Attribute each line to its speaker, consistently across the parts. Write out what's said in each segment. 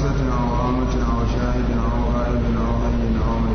Speaker 1: حاسد أو عامة أو شاهد أو غائب أو حي أو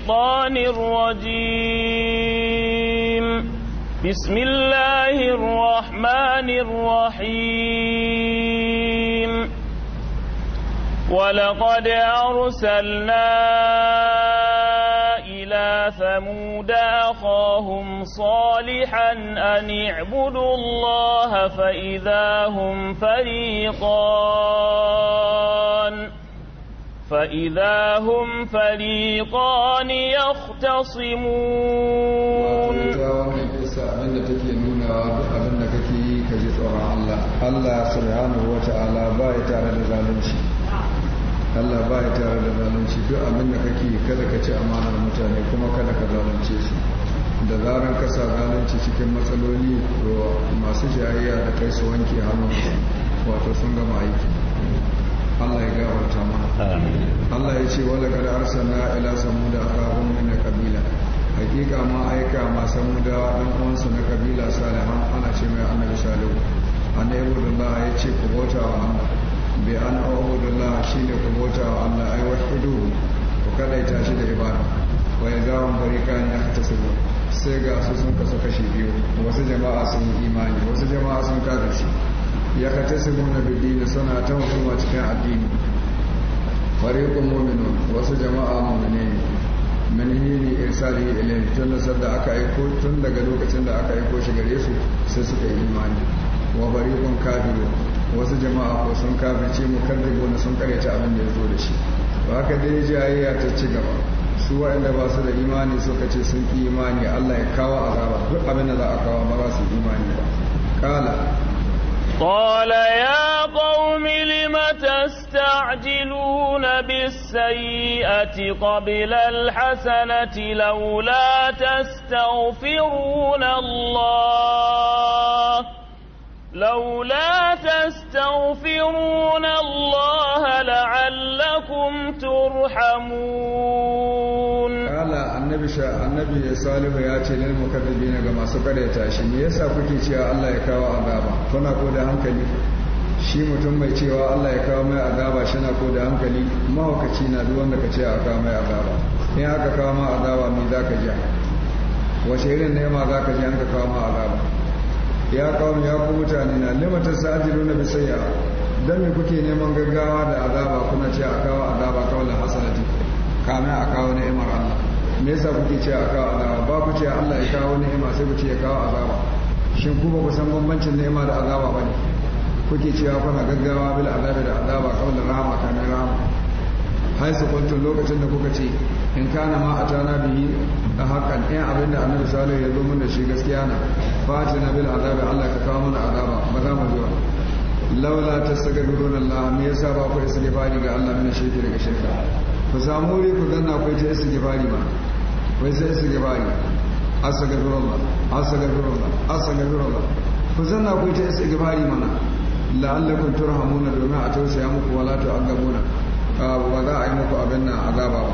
Speaker 2: الشيطان الرجيم بسم الله الرحمن الرحيم ولقد أرسلنا إلى ثمود أخاهم صالحا أن اعبدوا الله فإذا هم فريقان فإذا هم فريقان يختصمون
Speaker 1: Allah subhanahu wa ta'ala ba ya tare da zalunci Allah ba ya tare da zalunci duk abin da kake kada ka ci amanar mutane kuma kada ka zalunce su da zaran ka sa zalunci cikin matsaloli masu jayayya da kai su wanke hannu wato sun gama aiki Allah ya gafarta mana Allah ya ce wala kada arsalna ila samuda akahum min kabila hakika ma aika ma samuda dan uwansu na kabila salihan ana ce mai annabi salihu annabi Allah ya ce ku bauta wa Allah bi an a'udullah shine ku bauta wa Allah ai wahidu ku kada ya shi da ibada wa yazawun barikan yahtasibu sai ga su sun kasu kashi biyu wasu jama'a sun imani wasu jama'a sun kafirci ya kace su muna bidini suna ta hukuma cikin addini fariqun muminu, wasu jama'a mu'mine ne min irsali ilayhi tun da aka aiko tun daga lokacin da aka aiko shi gare su sai suka yi imani wa fariqun kafirun wasu jama'a ko sun kafirce mukaddibuna sun ta abin da ya zo da shi ba haka dai jayayya ta ci gaba su waɗanda ba su da imani suka ce sun imani Allah ya kawo azaba duk abin da za a kawo ba za su imani ba kala
Speaker 2: قال يا قوم لم تستعجلون بالسيئة قبل الحسنة لولا تستغفرون الله لولا تستغفرون الله لعلكم ترحمون
Speaker 1: annabi sha annabi ya salihu ya ce lil mukaddibina ga masu karyata shi me yasa kuke cewa Allah ya kawo azaba kuna ko da hankali shi mutum mai cewa Allah ya kawo mai azaba shi na ko da hankali mahaukaci na duk wanda ka ce a kawo mai azaba in aka kawo mai azaba me za ka ja wace irin ne ma za ka ji an ka kawo mai azaba ya kawo ya ku mutane na limatar sa'adiru na bisayya don me kuke neman gaggawa da azaba kuna ce a kawo azaba kawai da hasanati kamin a kawo ni'imar Allah me yasa kuke ce a kawo azaba ba ku ce Allah ya kawo ni'ima sai ku ce ya kawo azaba shin ku ba ku san bambancin ni'ima da azaba ba ne kuke cewa kuna gaggawa bil azabi da azaba kawai da rahama ne rahama hai su kuntum lokacin da kuka ce in kana ma tana bihi da hakan in abinda annabi sallallahu ya zo mun da shi gaskiya na na bil azabi Allah ka kawo mana azaba ba za mu zo laula ta tastaghfiruna Allah me yasa ba ku istighfari ga Allah shi ke daga shirka ku samu wuri ku danna ku ta istighfari ba wai sai su gaba ne asagafirullah asagafirullah asagafirullah ku zanna ku ta isa gabari mana la'allakum turhamuna domin a tausaya muku wala to an gamuna ba za a yi muku abin nan azaba ba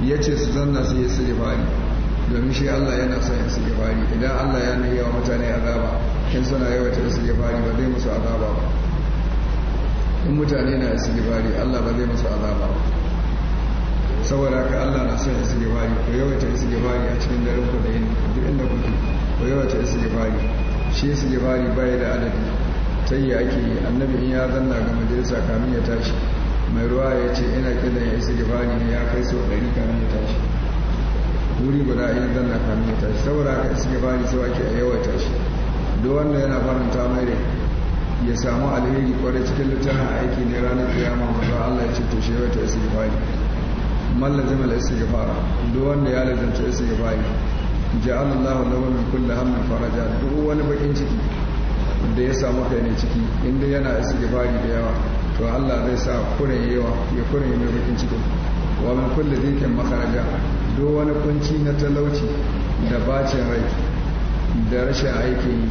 Speaker 1: yace su zanna su yi su gabari domin shi Allah yana son yin su gabari idan Allah ya nahi wa mutane azaba in suna yawaita su gabari ba zai musu azaba ba in mutane na su gabari Allah ba zai musu azaba ba saboda ka Allah na son yau ta su istighfari a cikin daren ku da yin duk inda kuke ta su istighfari shi istighfari bai da adadi tayi ake yi annabi in ya zanna ga majalisa kamin ya tashi mai ruwa ya ce ina kida ya su ne ya kai so ɗari kamin ya tashi wuri guda in zanna kamin ya tashi saboda ka istighfari sai ake a yawaita shi duk wanda yana faranta mai rai ya samu alheri kwarai cikin littafin aiki ne ranar kiyama ba Allah ya ce to shi su istighfari mallazi lazima al gaba duk wanda ya lazanta istighfar ja'ala Allah lahu min kulle hannun faraja duk wani bakin ciki da ya samu kai ne ciki inda yana yi da yawa to Allah zai sa kure yawa ya kuren mai bakin ciki wa min kulle dhikin makaraja duk wani kunci na talauci da bacin rai da rashin aikin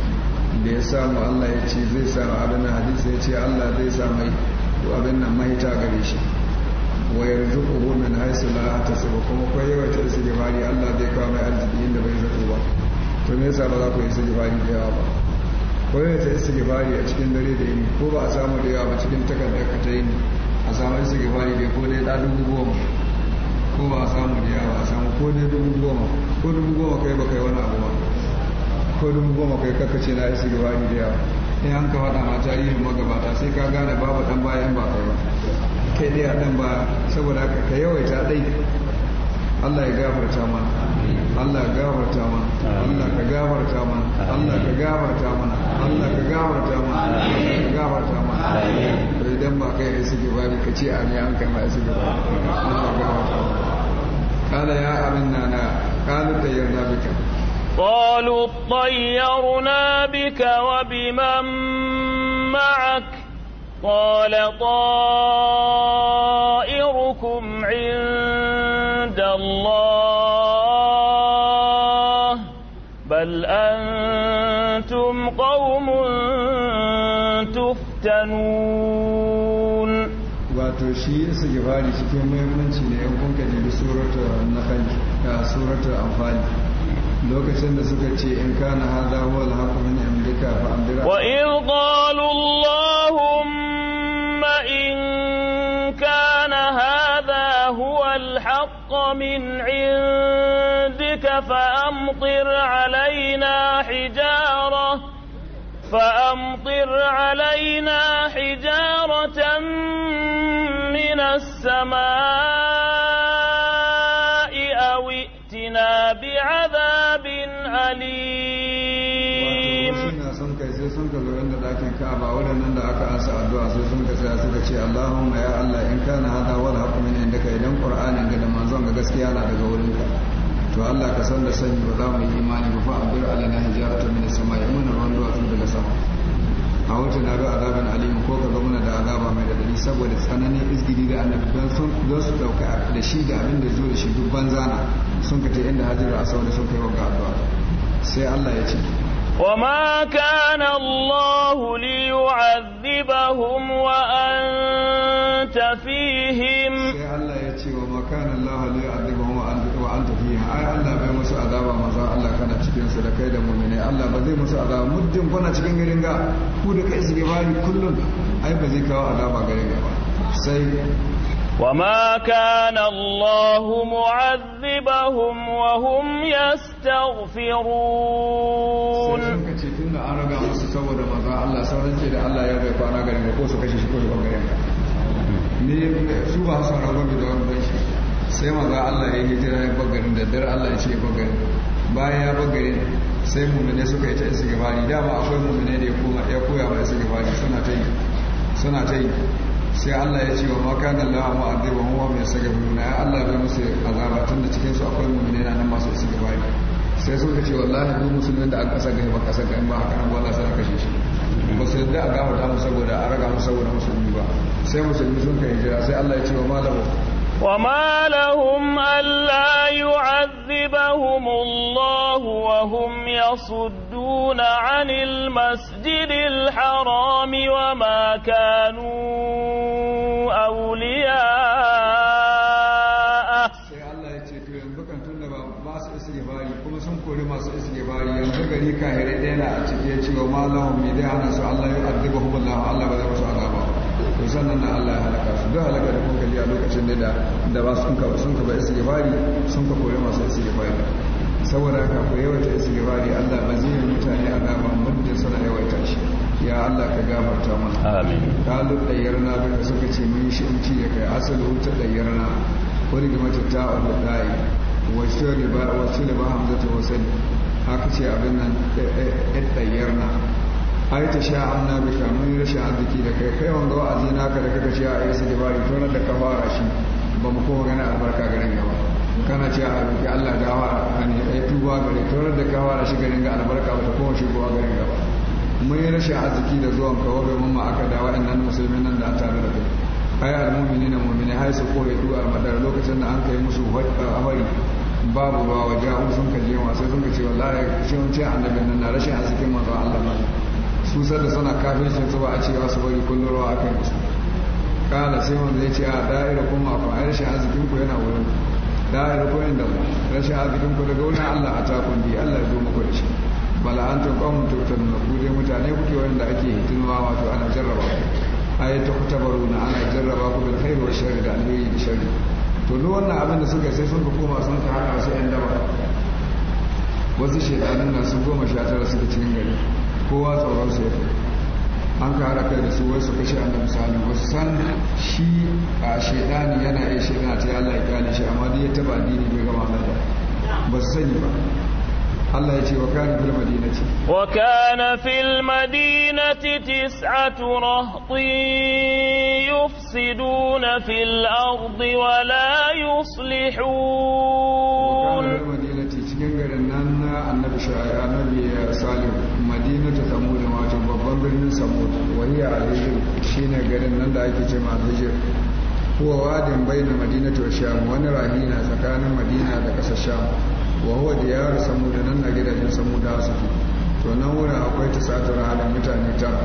Speaker 1: da ya samu Allah ya ce zai samu abin hadisi ya ce Allah zai sa mai abin nan mahita gare shi wa yarzuquhu min haythu la yahtasib kuma kai yawa ta istighfari Allah zai kawo mai arziki inda bai zato ba to me yasa ba za ku yi istighfari da yawa ba ko yawa ta istighfari a cikin dare da yini ko ba a samu da yawa ba cikin takardar ka ta yini a samu istighfari da ko dai da dubu goma ko ba a samu da yawa a samu ko dai dubu goma ko dubu goma kai ba kai wani abu ba ko dubu goma kai kakace na istighfari da yawa in an ka faɗa ma yi magabata sai ka gane babu dan bayan kai dai a nan ba saboda haka ka yawaita dai Allah ya gafarta mana Allah ya gafarta mana Allah ka gafarta mana Allah ka gafarta mana Allah ka gafarta mana Allah ka gafarta mana to idan ba kai da suke bari ka ce amin an kai ba su ba Allah ka gafarta
Speaker 2: mana kala ya abin nana kalu tayyarna bika قالوا اطيرنا بك وبمن معك قال طائركم عند الله بل أنتم قوم تفتنون
Speaker 1: wato shi istighfari cikin muhimmanci ne yan kun kalli suratul nahl da suratul anfal lokacin da suka ce in kana hadha huwa al-haqqu min indika fa amdira wa in
Speaker 2: qalu الحق من عندك فأمطر علينا حجارة فأمطر علينا حجارة من السماء
Speaker 1: Allah ka san da sani ba za mu yi imani ba fa abdur alana hijaratu min sama ya muna ruwan duwatsu daga sama a wata na da azaban alimu ko ka muna da azaba mai dadari saboda tsananin izgiri da annabi don su dauka da shi da abin da zo da shi duk banzana sun ka ta inda hajar asau da sun kai wa addu'a
Speaker 2: sai Allah ya ce وما كان الله ليعذبهم وأن
Speaker 1: sadakai da mu'mini Allah ba zai musu azaba muddin kuna cikin garin ga ku da kai su
Speaker 2: gabani kullum ai ba zai kawo azaba garin ga sai وما كان الله معذبهم وهم يستغفرون
Speaker 1: an raga musu Allah da ya bai kwana ya da dare Allah ya ce bayan ya bagare sai mummune suka yi ta isa gabari dama akwai mummune da ya koya ma isa gabari suna ta yi suna ta yi sai Allah ya ce wa maka na lawa ma'adiba mawa mai isa gabari na ya Allah bai musu azaba tun da cikinsu akwai mummune na nan masu isa gabari sai suka ce wallahi duk musulmin da aka saka ba kasa ga ba haka nan za sai kashe shi ba su yadda a
Speaker 2: gafarta mu saboda a raga mu saboda musulmi ba sai musulmi sun kai jira sai Allah ya ce wa malamu وما لهم ألا يعذبهم الله وهم يصدون عن المسجد الحرام وما كانوا أولياء
Speaker 1: يقول الله الله الله sannan na Allah ya halaka su duk halaka da kuka kaji a lokacin da da ba sun ka sun ka ba istighfari sun ka koyi masu istighfari saboda ka ku yawaita bari Allah ba zai yi mutane a gaban muddin suna yawaita shi ya Allah ka gafarta mana amin kalu dayyarna baka suka ce mun shi in ci da kai asalu ta yarna wani ga mata ta abu dai wa shariba wa sulba hamzata husain haka ce abin nan eh, eh, eh, dayyarna ai ta sha amna bi kamun yi rashin arziki da kai kai wanga wa'azi naka da kaka ce a yi su dabari tun da ka fara shi ba mu koma ganin albarka garin gaba kana ce a roki Allah da a ne yi tuba gari tun da ka fara shi garin ga albarka ba ta shi shigowa garin gaba mun yi rashin arziki da zuwan ka wa domin ma aka da waɗannan musulmin nan da an tare da kai ai al-mu'mini na mumini hai su kore du almadar lokacin da an kai musu hawari babu ba wa ja'u sun kaje ma sai sun ce wallahi sai mun ce annabin nan na rashin arzikin manzo Allah ba sun sanda suna shi su ba a cewa su bari kullum rawa a kan musu kala sai wanda ya ce a da'ira kuma ku a rashin arzikin ku yana wurin da'ira ku inda ba rashin arzikin ku daga wani Allah a takun bi Allah ya zo muku da shi bala an tun kawun na kuje mutane kuke wanda ake hitinwa wato ana jarraba ku ayi ta ku tabaru na ana jarraba ku da khairu wa sharri da alheri da shari to duk wannan abin da suka sai sun ka koma sun ka haka su yan daba wasu shekarun nan sun goma sha tara suka cikin gari kowa tsoron su yake an ka haraka da su wasu kashe annabi salim wasu san shi a shaidani yana iya shaidana ta Allah ya kyale shi amma dai ya taba dini bai gama lada ba su sani ba
Speaker 2: Allah ya ce wa kana fil madinati wa kana fil madinati tis'atu rahtin yufsiduna fil ardi wa la yuslihun
Speaker 1: wa kana fil madinati cikin garin nan na annabi sha'a annabi ya birnin samud wahiya shi ne garin nan da ake ce ma alhijir huwa wadin na madinatu wa sham wani rahina tsakanin madina da kasar sham wa huwa samu samud nan na gidajen samud da suke to nan wurin akwai ta satar halin mutane tara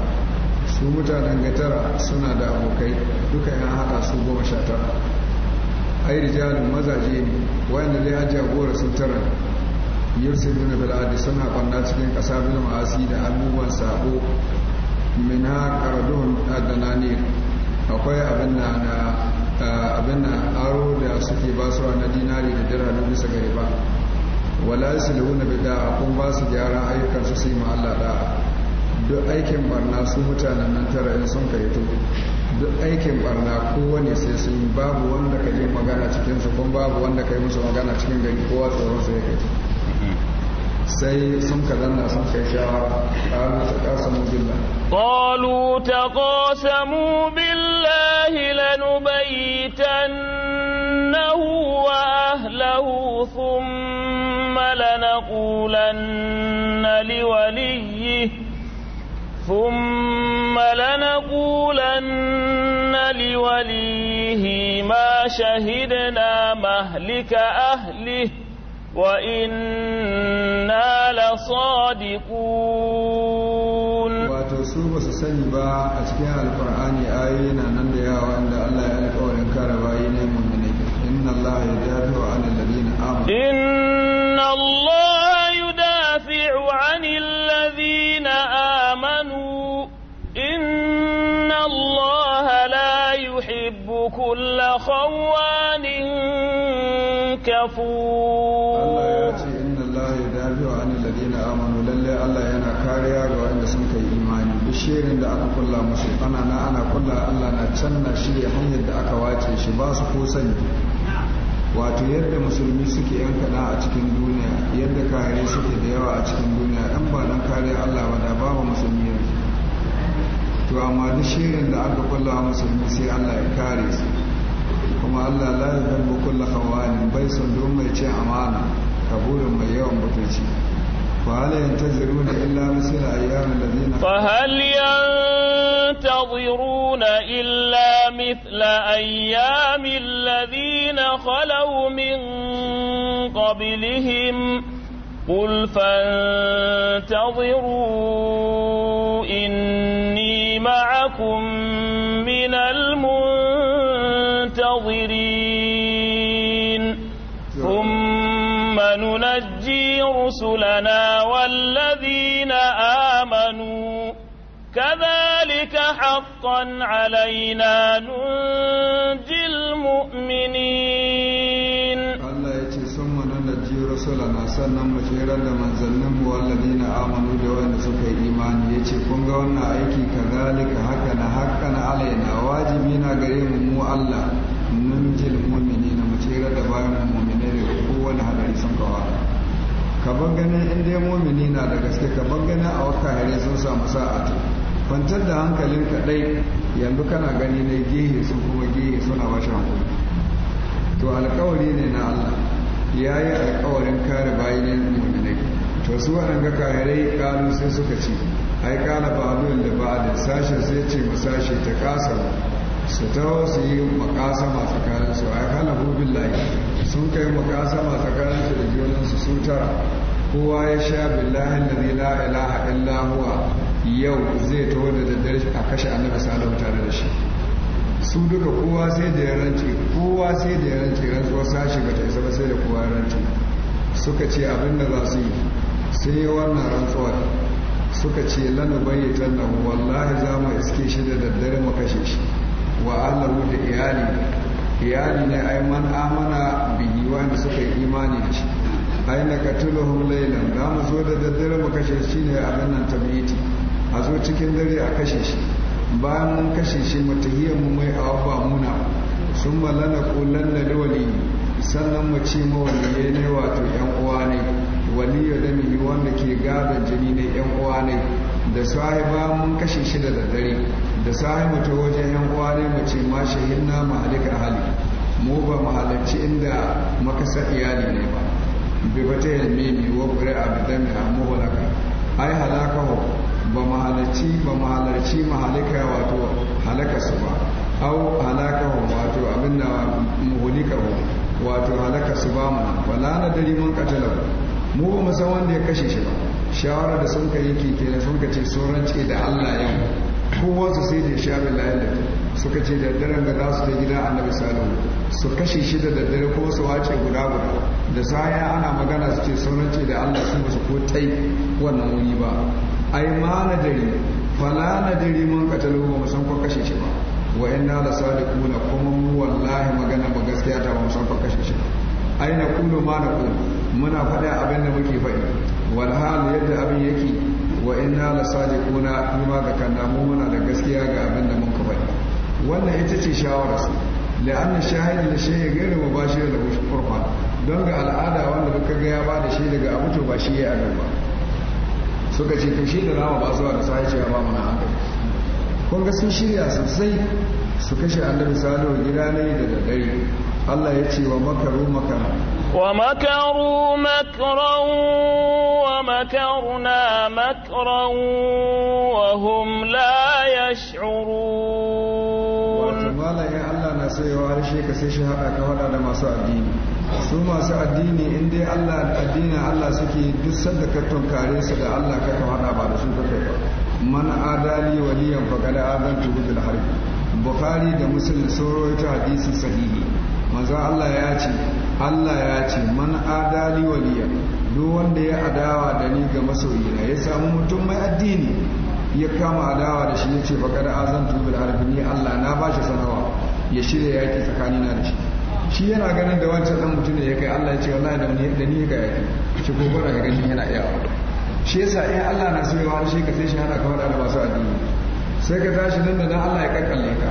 Speaker 1: su mutanen ga tara suna da abokai duka yan haɗa su goma sha tara ai rijalin mazaje ne wanda zai ajiya gora sun tara yusuf bin bil'adi suna kwanna cikin ƙasa bil ma'asi da abubuwan sabo min ha karadun dananir akwai abin na abin na aro da suke ba na dinari da dirhami bisa gari ba wala silhu na bida kun ba su gyara ayyukan su sai ma Allah duk aikin barna su mutanen nan tara in sun kai to duk aikin barna kowane sai sun babu wanda ka yi magana cikin su babu wanda ka yi musu magana cikin gari kowa tsoron su ya kai sai sun ka zanna sun kai shawara qalu taqasamu billah qalu
Speaker 2: taqasamu billahi lanubaytannahu wa ahlihi thumma lanaqulanna liwaliyhi ثم لنقولن لوليه ما شهدنا مهلك أهله وإنا لصادقون
Speaker 1: وتسوب سسني با القرآن آيين أن الله يلقوا إنكار بايين إن الله يدافع عن
Speaker 2: إن الله يدافع عن الذين آمنوا إن الله لا يحب كل خوان كفور
Speaker 1: shi ba su ko sani wato yadda musulmi suke yan a cikin duniya yadda kare suke da yawa a cikin duniya dan ba dan kariya allah da ba musulmi yanzu to amma duk shirin da aka kulla wa musulmi sai allah ya kare su kuma allah la ya kulla bai son don mai ce amana kaburin mai yawan butulci فهل illa إلا مثل أيام da zina.
Speaker 2: ينتظرون ينتظرون إلا مثل أيام الذين خلوا من قبلهم قل فانتظروا إني معكم من المنتظرين ثم ننجي رسلنا والذين آمنوا كذلك حقا علينا ننجي المؤمنين
Speaker 1: الله يتي ثم ننجي رسلنا sannan mu shirar da manzanninmu walladina amanu da wanda suka yi imani ya ce kun ga wannan aiki kazalika haka na haka na alaina wajibi na gare mu mu Allah na mu da bayan mumini ko wani hadari sun ka ganin in dai da gaske ka ganin a hare sun samu sa'a kwantar da hankalin kaɗai yanzu kana gani na gehe sun kuma gehe suna bashi hankali to alkawari ne na Allah ya yi alkawarin kare bayan yin muminai to su waɗanda kayarai kanu sai suka ce ai kala ba'adun da ba'adun sashen sai ce mu sashe ta kasa su ta su yi makasama tsakaninsu ai halabu layi sun kai makasama tsakaninsu da junansu su tara kowa ya sha billahi la'ila a illa lahuwa yau zai taho da daddare a kashe annabi salihu tare da shi su duka kowa sai da yaranci kowa sai da yaranci rantsuwar sashi ba ta isa ba sai da kowa yaranci suka ce abin da za su yi sai yi wannan rantsuwar suka ce lana bayyatar na wallahi za mu iske shi da daddare mu kashe shi wa allahu da iyali iyali ne ai man amana bihi wanda suka yi imani da shi ai na katuluhum laylan za mu zo da daddare mu kashe shi ne a nan tabbiti a zo cikin dare a kashe shi bayan mun kashe shi matahiyar mu mai awa muna sun malana lalla da wali sannan mu ce ma ya ne wato yan uwa ne ya da mihi wanda ke gadon jini na yan uwa ne da sahi ba mun kashe shi da daddare da sahi mu ta wajen yan uwa ne mu ce ma shahin na mahalika hali mu ba mu halarci inda makasa iyali ne ba bi fata yalmi mi wa abu bi dami amu walaka ai halaka ba mu halarci ba mu halarci mu wato halaka su ba au halaka wato abin da muhulika wato halaka su ba mu wala na dari mun katala mu ba mu san wanda ya kashe shi ba shawara da sun kai yake kenan sun ka ce sauran ce da Allah yau kowa su sai da sha billahi da suka ce da daren da za su ta gida annabi salihu su kashe shi da daddare ko su wace guda guda da saya ana magana su ce sauran rance da Allah sun ba su ko tai wannan wuri ba ai ma na dari fala na dari mun katalo ba mu san ko kashe shi ba wa inna la sadiquna kuma mu wallahi magana ba gaskiya ta ba mu san ko kashe shi ba ai na kullu ma na kullu muna faɗa abin da muke faɗi wal hal yadda abin yake wa inna la sadiquna kuma ga kanna mu muna da gaskiya ga abin da mun ka faɗi wannan ita ce shawararsa la'anna shahidi da shay'a ghayru mubashir da furfa don ga al'ada wanda duka gaya ba da shi daga abu to ba shi ya abin ba suka ce to shi da nama ba zuwa da sai ce ba mana haka kun ga sun shirya sosai su kashe annabi salihu gida ne da daddare Allah ya ce
Speaker 2: wa makaru makara wa makaru makaran wa makarna makaran wa hum la yash'urun wato malamin
Speaker 1: Allah na sayewa harshe ka sai shi hada ka hada da masu addini su masu addini in dai Allah addinin Allah suke duk sanda ka tunkare su da Allah ka kawada ba da su ka kai man adali waliyan azan adantu bil harbi bukhari da muslim sun rawaito hadisi sahihi manzo Allah ya ce Allah ya ce man adali waliyan duk wanda ya adawa da ni ga masoyina ya samu mutum mai addini ya kama adawa da shi ce yace azan azantu bil harbi ni Allah na bashi sanawa ya shirya yaki tsakanina da shi shi yana ganin da wancan dan mutum ya kai Allah ya ce wallahi da ni da ni ga yake shi ko ga gani yana iya shi yasa in Allah na so ya wani shi ka sai shi hana ka wada da masu addini sai ka tashi nan da nan Allah ya kakkalle ka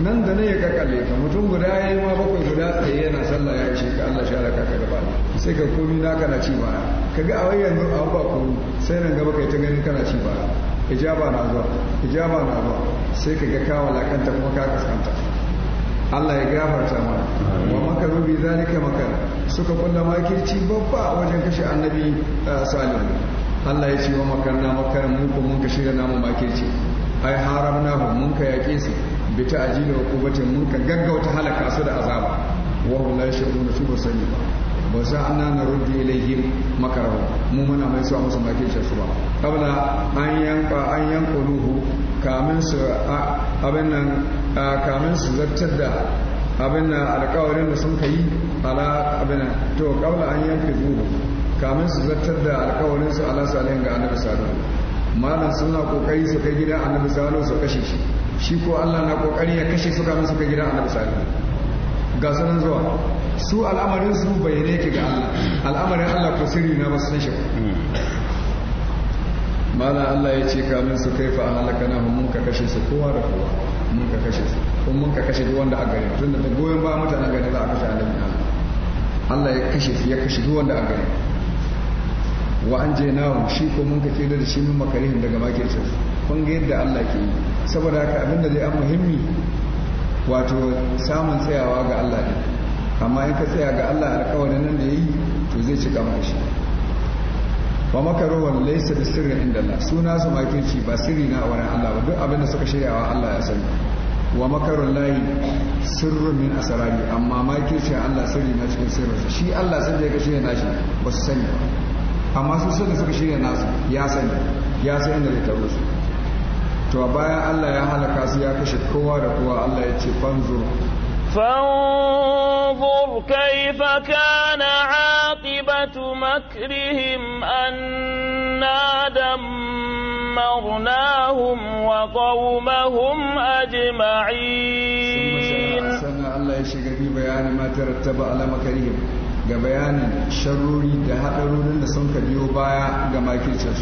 Speaker 1: nan da nan ya kakkalle ka mutum guda ya yi ma bakwai guda tsaye yana sallah ya ce ka Allah shara ka ka gaba sai ka komi na kana ci baya kaga a wai yanzu a ba ku sai nan gaba kai ta ganin kana ci baya ijaba na zuwa ijaba na zuwa sai ka ga kawo kanta kuma ka kaskanta Allah ya gafarta mana wa maka rubi zalika maka suka kunna makirci babba wajen kashe annabi uh, Salim Allah ya ce wa na makaran mu ko mun kashe da namu makirci ai haramnahu mun ka yake su bi ta'jili wa qubatin mun ka gaggauta halaka su da azaba wa hum la yashuruna su ba sani ba ba sa anna rubi ilayhim makarahu mu muna mai suwa musu makirci su ba kabla an yanka an yankuluhu kamin su abin nan kamun su zartar da abin na alkawarin da sun ka yi ala abin to kaula an yanke zuwa kamun su zartar da alkawarin su ala salihin ga annabi salo malam suna kokari su kai gida annabi salo su kashe shi shi ko Allah na kokari ya kashe su kamun su kai gida annabi salo ga sunan zuwa su al'amarin su bayyane ke ga Allah al'amarin Allah ko sirri na ba san shi malam Allah ya ce kamun su kai fa halaka na mun ka kashe su kowa da kowa mun ka kashe su kuma mun ka kashe duk wanda a gari tun da goyon ba mutanen gari za a kashe annabi Allah ya kashe su ya kashe duk wanda a gari wa an je nawo shi ko mun ka kira da shi mun makarihin daga makircin kun ga yadda Allah ke yi saboda haka abin da zai an muhimmi wato samun tsayawa ga Allah ne amma in ka tsaya ga Allah alƙawarin nan da yi to zai cika maka shi wa makaruhun laysa bi sirri inda Allah suna su makirci ba sirri na a wurin Allah ba duk abin da suka shirya wa Allah ya sani wa makarun layi sirrin min asarari amma makirci Allah sirri na cikin sirrinsa shi Allah sun da ya shirya nashi ba su sani ba amma su suka suka shirya nasu ya sani ya san inda zai taro su to bayan Allah ya halaka su ya kashe kowa da kowa Allah ya ce fanzur
Speaker 2: fanzur kaifa kana مكرهم أنا دمرناهم وقومهم أجمعين
Speaker 1: ثم جاء الله يشكر في بيان ما ترتب على مكرهم بيان شروري دهات رولن سنك بيو بايا جمع كيشش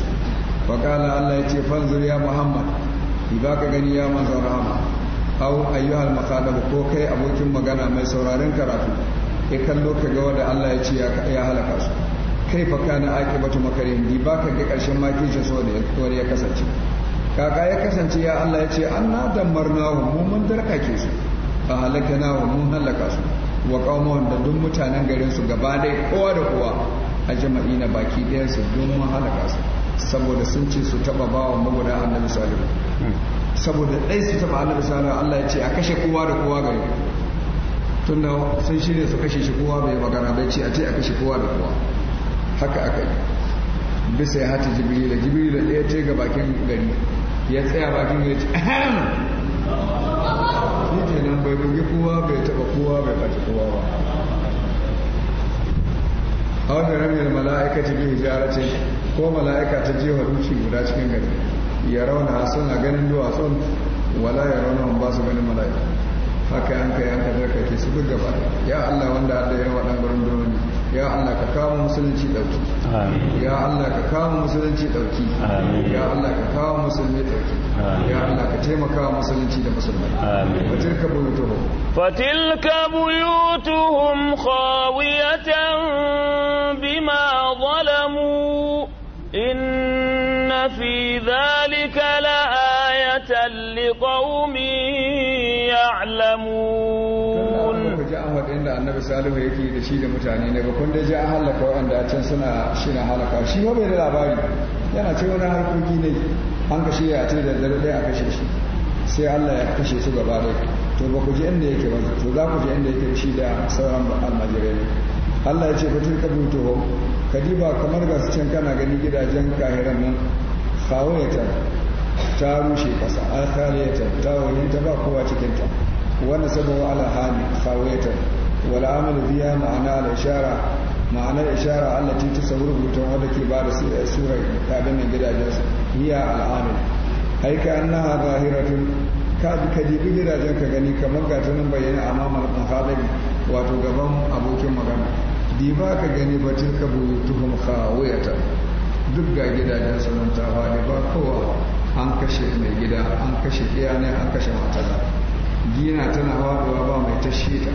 Speaker 1: فقال الله يتفنظر يا محمد إذاك غني يا منظر أو أيها المخالب كوكي أبوكي مغانا ما سورارين كرافي kai kallo ka ga wanda Allah ya ce ya halaka su kai fa kana batu makarin di ba ka ga karshen makin shi so da ya ya kasance kaka ya kasance ya Allah ya ce an na anna wa mu mun ke su a halaka na wa mun halaka su wa qaumahum da duk mutanen garin su gaba dai kowa da kowa a jama'i na baki ɗaya su don mun halaka su saboda sun ce su taba ba wa maguda annabi salihu hmm. saboda ɗai su taba annabi salihu Allah ya ce a kashe kowa da kowa gari tun da sun shirya su kashe shi kowa bai magana bai ce a ce a kashe kowa da kowa haka aka yi bisa ya hata jibrila jibrila ɗaya ce ga bakin gari ya tsaya bakin gari ce ahem shi nan bai bugi kowa bai taɓa kowa bai kaci kowa ba a wani ramin mala'aika ta biyu ce ko mala'aika ta jewa dushi guda cikin gari ya rauna suna ganin duwatsun wala ya rauna ba su ganin mala'aika haka yanka kai an ka zarkace su duk gaba ya Allah wanda Allah ya wadan gurin domini ya Allah ka kawo musulunci dauki ya Allah ka kawo musulunci dauki ya Allah ka kawo musulmi dauki ya Allah ka taimaka wa
Speaker 2: musulunci da musulmai wa tilka buyutuhum fa tilka buyutuhum khawiyatan bima zalamu inna fi dhalika la
Speaker 1: adamu yake da shi da mutane ne ba kun da ji an halaka wanda a can suna shi na halaka shi ma bai da labari yana ce wani harkoki ne an kashe ya ce da dare ɗaya a kashe shi sai Allah ya kashe su gaba da to ba ku ji inda yake ba to za ku ji inda yake shi da sauran almajirai Allah ya ce ku tun kabu to kadiba kamar ga can kana gani gidajen kahiran nan khawayatan ta rushe kasa akhariatan ta wani ta ba kowa cikin ta wannan sabon ala hali khawayatan والعمل فيها معنى الإشارة معنى الإشارة التي تصور بطن ودك بعد سورة كابن جداجس هي العامل أي كأنها ظاهرة كديبي جداجن كغني كما كاتن بيان أمام المخالب وتقبم أبو كم غم ka gani بتلك بيوتهم خاوية khawiyatan duk ga gidajen sanan ta ba kowa an kashe mai gida an kashe iya ne an kashe matala gina tana faɗuwa ba mai tashi ta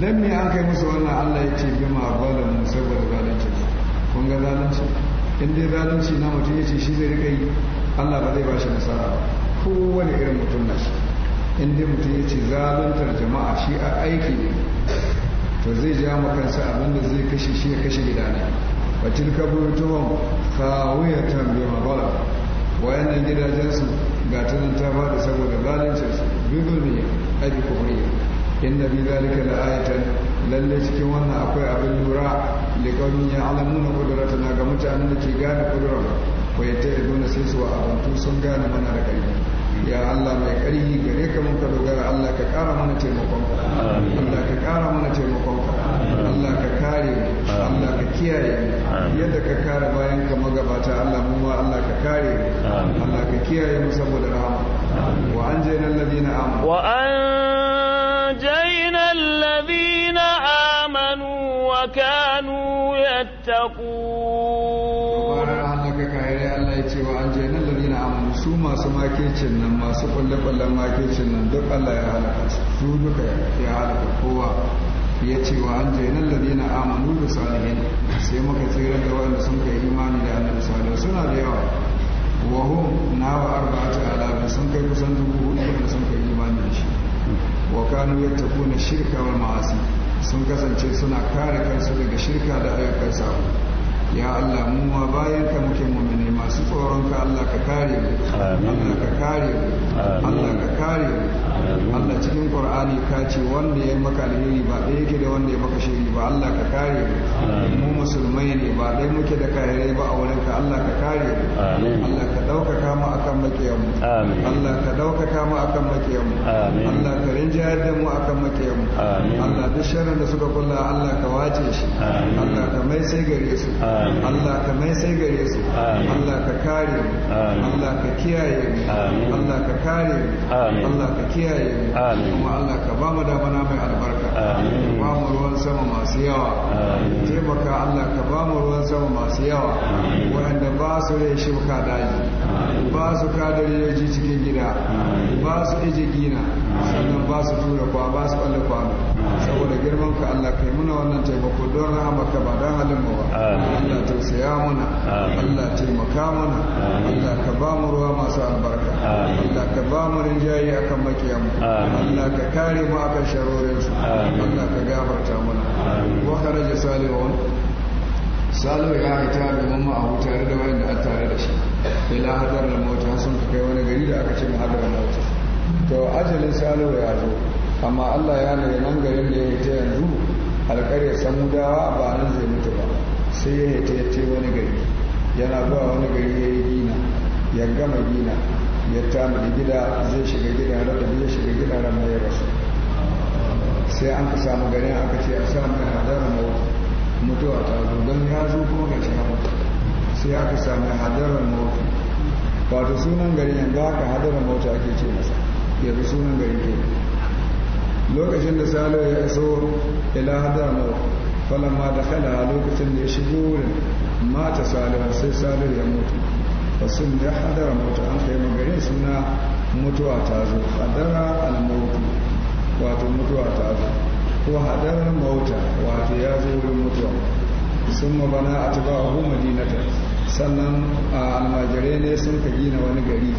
Speaker 1: dan ne an kai musu wannan Allah ya ce bi Bala musa saboda zalunci kun ga zalunci in dai zalunci na mutum ya ce shi zai rika yi Allah ba zai ba shi nasara Ko wani irin mutum na shi in dai mutum ya ce zaluntar jama'a shi a aiki ne to zai ja ma kansa abinda zai kashe shi ya kashe gida ne wa tilka buyutuhum khawiyatan bima Wa yanan gidajensu ga tunan ta fada saboda bi bidulmi aiki kufriya inna bi zalika la'ayatan lalle cikin wannan akwai abin lura da kaunin ya alamuna kudurata na ga mutanen da ke gane kudurar ko ya ta yadda sai su wa abantu sun gane mana da kai ya Allah mai ƙarfi gare ka mun ka dogara Allah ka kara mana taimakon ka Allah ka kara mana taimakon ka Allah ka kare Allah ka kiyaye yadda ka kare bayan ka magabata Allah mu ma Allah ka kare Allah ka kiyaye mu saboda rahama
Speaker 2: wa anjayna alladhina amanu wa تتقون
Speaker 1: Allah ya ce wa an jai nan lalina amanu su masu makircin nan masu kwalle-kwallen makircin nan duk Allah ya halaka su duka ya halaka kowa ya ce wa an jai nan lalina amanu da salihin sai muka tsira da wanda sun kai imani da annabi salihu suna da yawa wa hum na wa arba'atu alamin sun kai kusan dubu hudu da sun kai imani da shi wa kanu yattaquna shirka wal ma'asi sun kasance suna kare kansu daga shirka da ayyukan sabo ya Allah mu ma bayan ka muke mu'mini masu tsoron ka Allah ka kare mu Allah ka kare mu Allah ka kare mu Allah cikin Qur'ani ka ce wanda ya maka alheri ba ɗaya yake da wanda ya maka shiri ba Allah ka kare mu mu musulmai ne ba dai muke da kayare ba a wurin ka Allah ka kare mu Allah ka daukaka mu akan makiyan mu Allah ka daukaka mu akan makiyan mu Allah ka rinjayar da mu akan makiyan mu Allah duk sharrin da suka kulla Allah ka wace shi Allah ka mai sai gare su Allah ka mai sai gare su Allah ka kare mu Allah ka kiyaye mu Allah ka kare mu Allah ka kiyaye mu kuma Allah ka ba mu damana mai albarka ba mu ruwan sama masu masu yawa taimaka Allah ka ba mu ruwan sama masu yawa waɗanda ba su da shibka daji ba su kadar yaji cikin gida ba su ije gina sannan ba su tura kwa ba su balle kwano saboda girman ka Allah kai muna wannan taimako don rahamaka ba don halin ba Allah tausaya muna Allah taimaka muna Allah ka ba mu ruwa masu albarka Allah ka ba mu rinjaye akan makiyan mu Allah ka kare mu akan sharorin su Allah ka gafarta muna wa kharaja salihun salihu ya fita da mamma a tare da wanda a tare da shi ila hadar da mota sun kai wani gari da aka ce mahadar da mota to ajalin salo ya zo amma allah ya nuna nan garin da ya ta yanzu alkarya samudawa a nan zai mutu ba sai ya hita ya wani gari yana zuwa wani gari ya yi gina ya gama gina ya mai gida zai shiga gida da zai shiga gida mai rasu sai an ka samu garin aka ce a samu hadar da mawuta mutuwa ta zo don ya zo kuma ga shi na sai aka sami hadarar mota wato sunan gari yanzu haka hadarar mota ake ce masa fi sunan gari ke lokacin da salo ya iso ila hadarar mota falon ma da kala lokacin da ya shigo wurin mata salo sai salo ya mutu sun da hadarar mota an kai magarin suna mutuwa ta zo hadara al-mautu wato mutuwa ta zo ko hadarar mota wato ya zo wurin mutuwa sun mabana a taba a madinata sannan a almajirai ne sun ka gina wani gari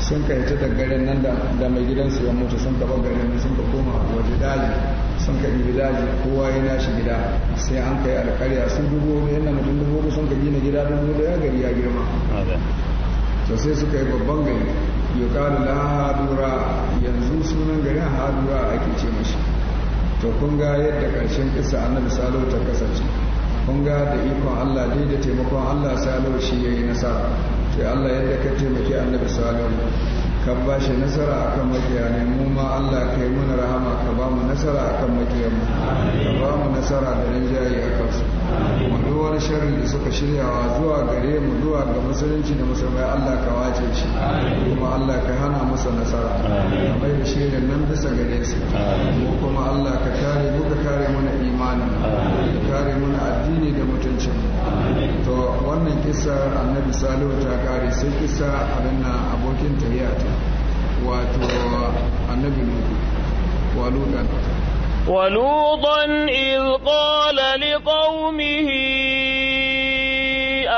Speaker 1: sun ka yi ta garin nan da mai gidansu ya mutu sun kaba garin sun ka koma waje daji sun ka ɗibi daji kowa ya nashi gida sai an kai alkarya sun dubu ne yana mutum dubu sun ka gina gida dubu da ya gari ya girma to sai suka yi babban gari ya kada la hadura yanzu sunan garin hadura ake ce mashi to kun ga yadda ƙarshen kisa annabi salo ta kasance kun ga da ikon Allah dai da taimakon Allah salihu shi yayi nasara sai Allah yadda ka taimaki annabi salihu ka ba shi nasara akan makiya ne mu ma Allah kai muna rahama ka ba mu nasara akan makiyan ka ba mu nasara da rinjaye a kansu mu wani sharri da suka shiryawa zuwa gare mu zuwa ga musulunci da musulmai Allah ka wace shi kuma Allah ka hana masa nasara kamar da shirin nan bisa gare su mu kuma Allah ka kare mu ka kare mana imanin ka kare mana addini da mutuncinmu. to wannan kisa annabi salihu ta kare sai kisa abin na abokin tahiya ta wato annabi nuhu waludan
Speaker 2: ولوطا إذ قال لقومه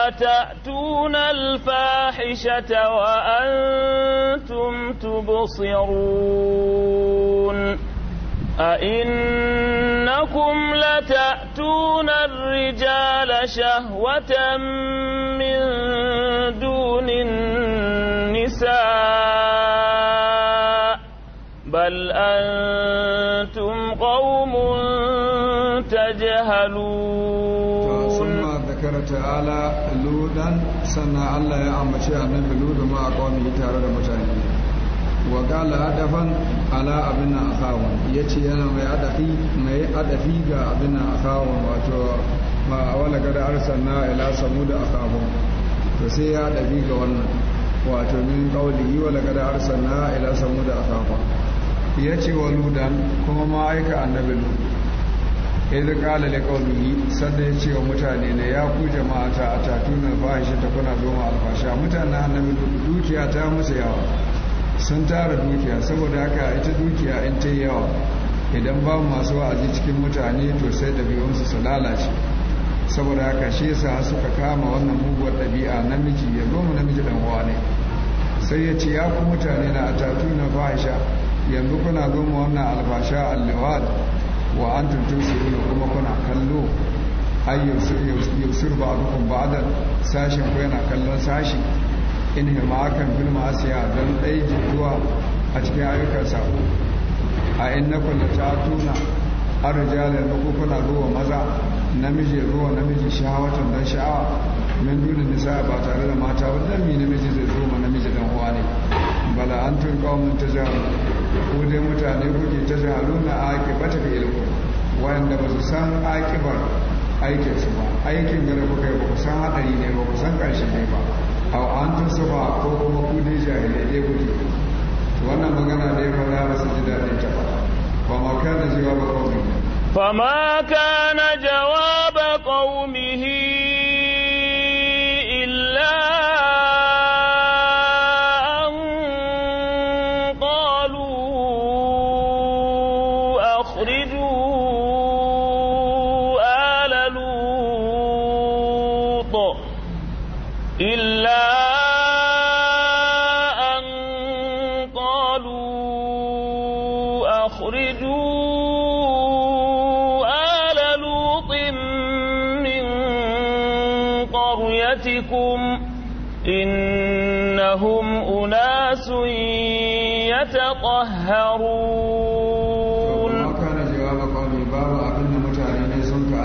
Speaker 2: أتأتون الفاحشة وأنتم تبصرون أئنكم لتأتون الرجال شهوة من دون النساء بل أنتم قوم تجهلون ثم ذكر تعالى لودا
Speaker 1: سنة الله يا أمشي النبي لودا ما قومه تارد مجاهد wa gala adafan ala abin asawon ya ce yana mai adafi mai adafi ga abin asawon wato ma wala gada arsalna ila samu da samud asawon to sai ya adafi ga wannan wato min qawlihi wala gada arsalna ila samu samud asawon ya ce wa ludan kuma ma aika annabi lu. idan kala da kauli sannan ya ce wa mutane ne ya ku jama'a ta a tatun alfahashi ta kuna zoma alfasha mutanen annabi dukiya ta musu yawa sun tara dukiya saboda haka ita dukiya in ta yawa idan babu masu wa'azi cikin mutane to sai ɗabi'unsu su lalace saboda haka shi yasa suka kama wannan muguwar ɗabi'a namiji ya zo namiji dan uwa ne sai ya ce ya ku mutane na atatu na fahisha yanzu kuna zo mu wannan albasha alliwad wa an tuntun su kuma kuna kallo ai ba dukkan sashen ku yana kallon sashi in himakan fil masiya don ɗai jituwa a cikin ayyukan sabo a in na kula ta tuna har rijala na kuna ruwa maza namiji ruwa namiji shawatan dan sha'awa min dunin nisa ba tare da mata ba dan mi namiji zai zo ma namiji dan uwa ne bala an tun qaumun tajaru ko dai mutane kuke tajaru na bata da ilmu wanda ba su san aikin aikinsu ba aikin gare kuka yi ba ku san hadari ne ba ku san karshe ne ba hau an ta sama ko kuma kudin dai da dai kuke wannan magana da ya fara ba su ji daɗin ta ba ba ma kana jawabu kawai
Speaker 2: ba ma kana jawa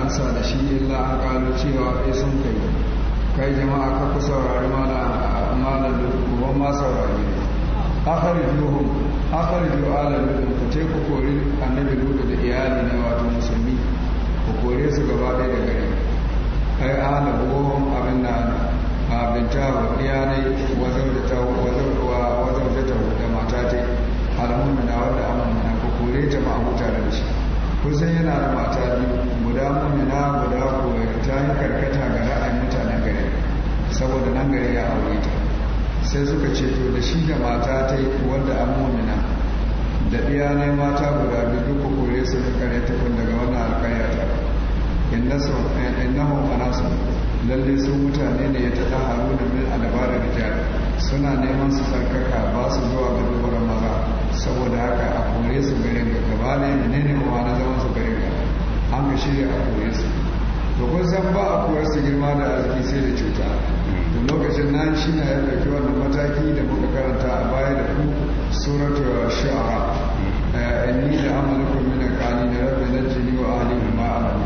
Speaker 1: amsa da shi illa an kalu cewa ai eh sun kai kai jama'a ka ku saurari mana lutu ban ma saurari ne akari juhun akari ju'ala lutu ku ce ku kori annabi lutu da iyali ne wato musulmi ku kore su gaba ɗaya da gari kai ala buhun abin da a binta wa iyanai wazan da ta wazan da da mata ta alamun na wanda amma na ku kore jama'a mutane da shi kun san yana da mata biyu guda mumina guda koyar ta yi karkata ga ra'ayin mutanen gari saboda nan gari ya aure ta sai suka ce to da shi da mata ta yi wanda an mumina da ɗiya ne mata guda biyu duka kore su da kare ta kun daga wannan alƙarya ta innahu eh, su lalle su mutane ne ya taɗa haru da min da jari suna neman su tsarkaka ba su zuwa ga dubaran maza saboda haka a kore su garin gaba ne ne ne wa na zaman su hanga ka shirya a koyarsa su to kun san ba a koyarsa girma da arziki sai da cuta da lokacin nan shi na ya ɗauki wannan mataki da muka karanta a baya da ku suratu shu'ara eh, inni da amalukum min aqali na rabbi najini wa ahli mimma amalu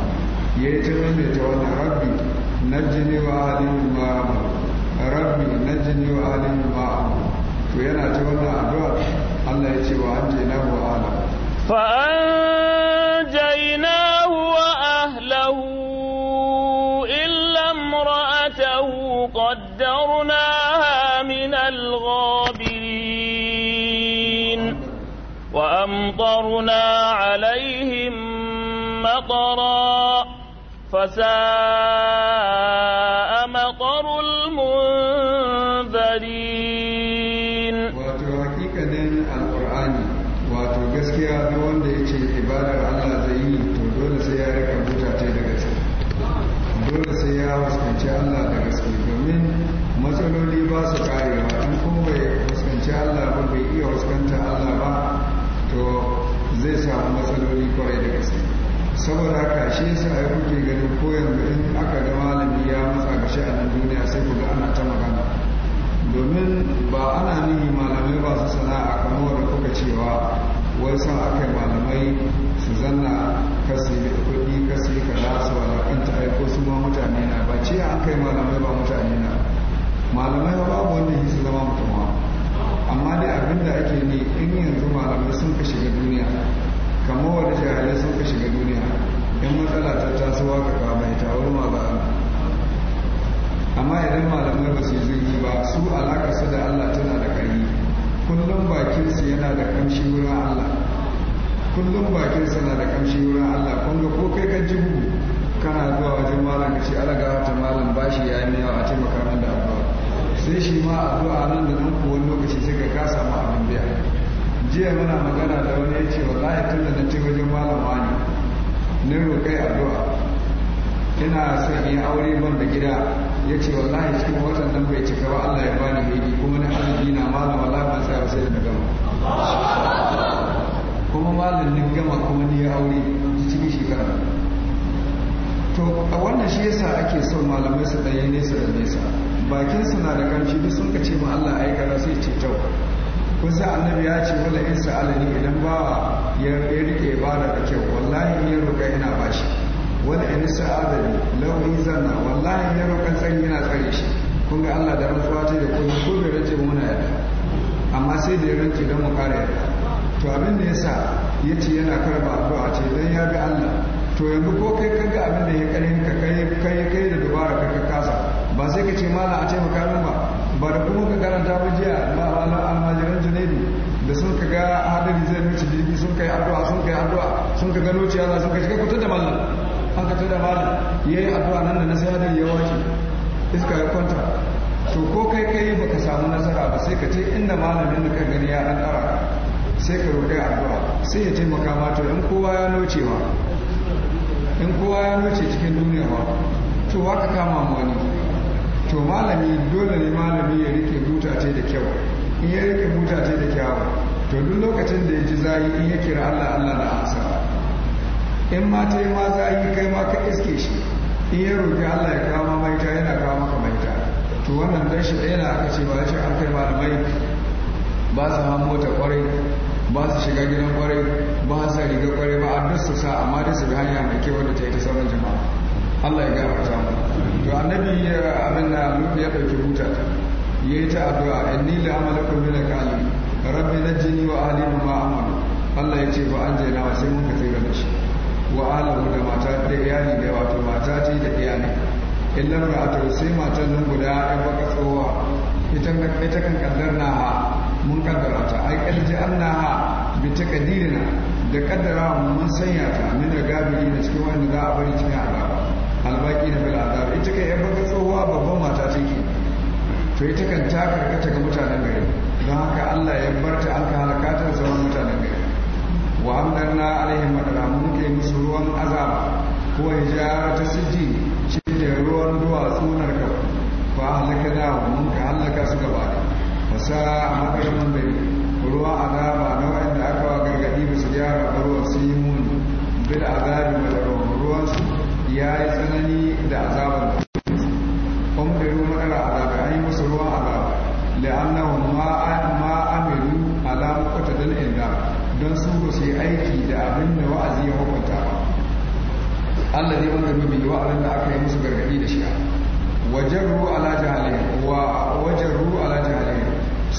Speaker 1: yayi ta mai ta wannan rabbi najini wa ahli mimma amalu rabbi najini wa ahli mimma amalu to yana ta wannan addu'a Allah ya ce wa anjina wa ala
Speaker 2: fa
Speaker 1: wai aka aka malamai su zanna kasi da kuɗi kasi kaza su ta aiko su ma mutane na ba ce an kai malamai ba mutane na malamai ba babu wanda yi su zama mutum amma dai abin da ake ne in yanzu malamai sun ka shiga duniya kamar wani jahilai sun ka shiga duniya in matsala ta tasowa ga kama ita wani ma ba amma idan malamai ba su yi ba su alaƙa su da Allah tana da ƙari kullum bakinsu yana da ƙamshi wurin Allah kullum bakin sana da kamshi wurin Allah kun ko kai ka ji bugu kana zuwa wajen malam ka ce ala malam bashi ya yi yawa a ce min da addu'a sai shi ma addu'a nan da nan ko wani lokaci sai ka kasa ma abin biya jiya muna magana da wani ya ce wallahi tun da na ce wajen malam wani na roƙai addu'a ina son yi aure ban da gida ya ce wallahi cikin watan nan bai cika ba Allah ya bani hidi kuma na arziki na malam wallahi ban sa sai da gama kuma malamin gama kuma ne ya aure cikin shekara to a wannan shi yasa ake son malamai su ɗaya nesa da nesa bakin na da ƙarfi duk sun kace ma Allah ai kaza sai ce tau kusa annabi ya ce wala in sa'alani idan ba ya rike ibada da kyau wallahi ya roƙa ina bashi wala in sa'alani law in zanna wallahi ya roƙa tsari yana tsare shi kun ga Allah da rantsuwa ce da kun ko da rantsuwa muna yadda amma sai da ya rance don mu kare yadda to abin da yasa ya ce yana karba addu'a ce don ya bi Allah to yanzu ko kai ga abin da ya karin ka kai kai kai da dubara ka kasa ba sai ka ce mala a maka nan ba ba da kuma ka karanta ba jiya na almajiran junaidi da sun ka ga hadari zai nuce jirgi sun kai addu'a sun kai addu'a sun ka gano ciya sun ka shiga kuta da mallam an ka tada mallam yayi addu'a nan da nasiha da ya wace iska ya kwanta to ko kai kai baka samu nasara ba sai ka ce inda malamin da ka gani ya dan sai ka roƙi addu'a sai ya taimaka ma to in kowa ya noce wa in kowa ya noce cikin duniya ba to wa ka kama mu wani to malami dole ne malami ya rike buta ce da kyau in ya rike buta ce da kyau to duk lokacin da ya ji zayi in ya kira Allah Allah na amsa in ma ta yi ma zayi kai ma ka iske shi in ya roƙi Allah ya kama maita yana kama maka maita to wannan dan shi ɗaya na aka ce ba ya ce an kai malamai ba su hamu ta kwarai ba su shiga gidan kwarai ba su riga kwarai ba a dasa sa amma dai su bi hanya mai kyau da ta yi ta sauran jama'a Allah ya ta mu to annabi ya abin da Nuhu ya dauki huta ta yi ta addu'a inni la amalakum min al-kalim rabbi najini wa ahli mimma amalu Allah ya ce ba an jaina wa sai mun ka gaba da shi wa ahlahu da mata da iyali da wato mata ce da iyali illa ra'atu sai matan nan guda ai baka tsowa ita kan kaddar na mun kaddara ta ai kalji annaha bi taqdirina da kaddara mun sanya ta min gabiri na cikin wanda za a bari cikin azaba albaki na bil azab ita kai yan baka tsohuwa babban mata take to ita kan ta karkata ga mutanen gari don haka Allah ya barta an ka halaka ta zaman mutanen gari wa amdarna alaihim madara mun kai musu ruwan azaba ko hijara ta sijji cikin ruwan ruwan duwatsu narkar fa halaka da mun ka halaka su gaba da da sa a matsayin mambari ruwan azaba na wanda aka wa gargadi ba su gyara ba ruwan sun yi muni bil azabi wa ruwan ruwan su ya yi tsanani da azabar da su kuma da ruwan matsala azabi an yi musu ruwan azaba la'annahu ma amilu ala muqata dal inda don su ba su yi aiki da abin da wa'azi ya hukunta ba Allah ne wanda mabi wa'azin da aka yi musu gargadi da shi wajen ruwa ala jihar.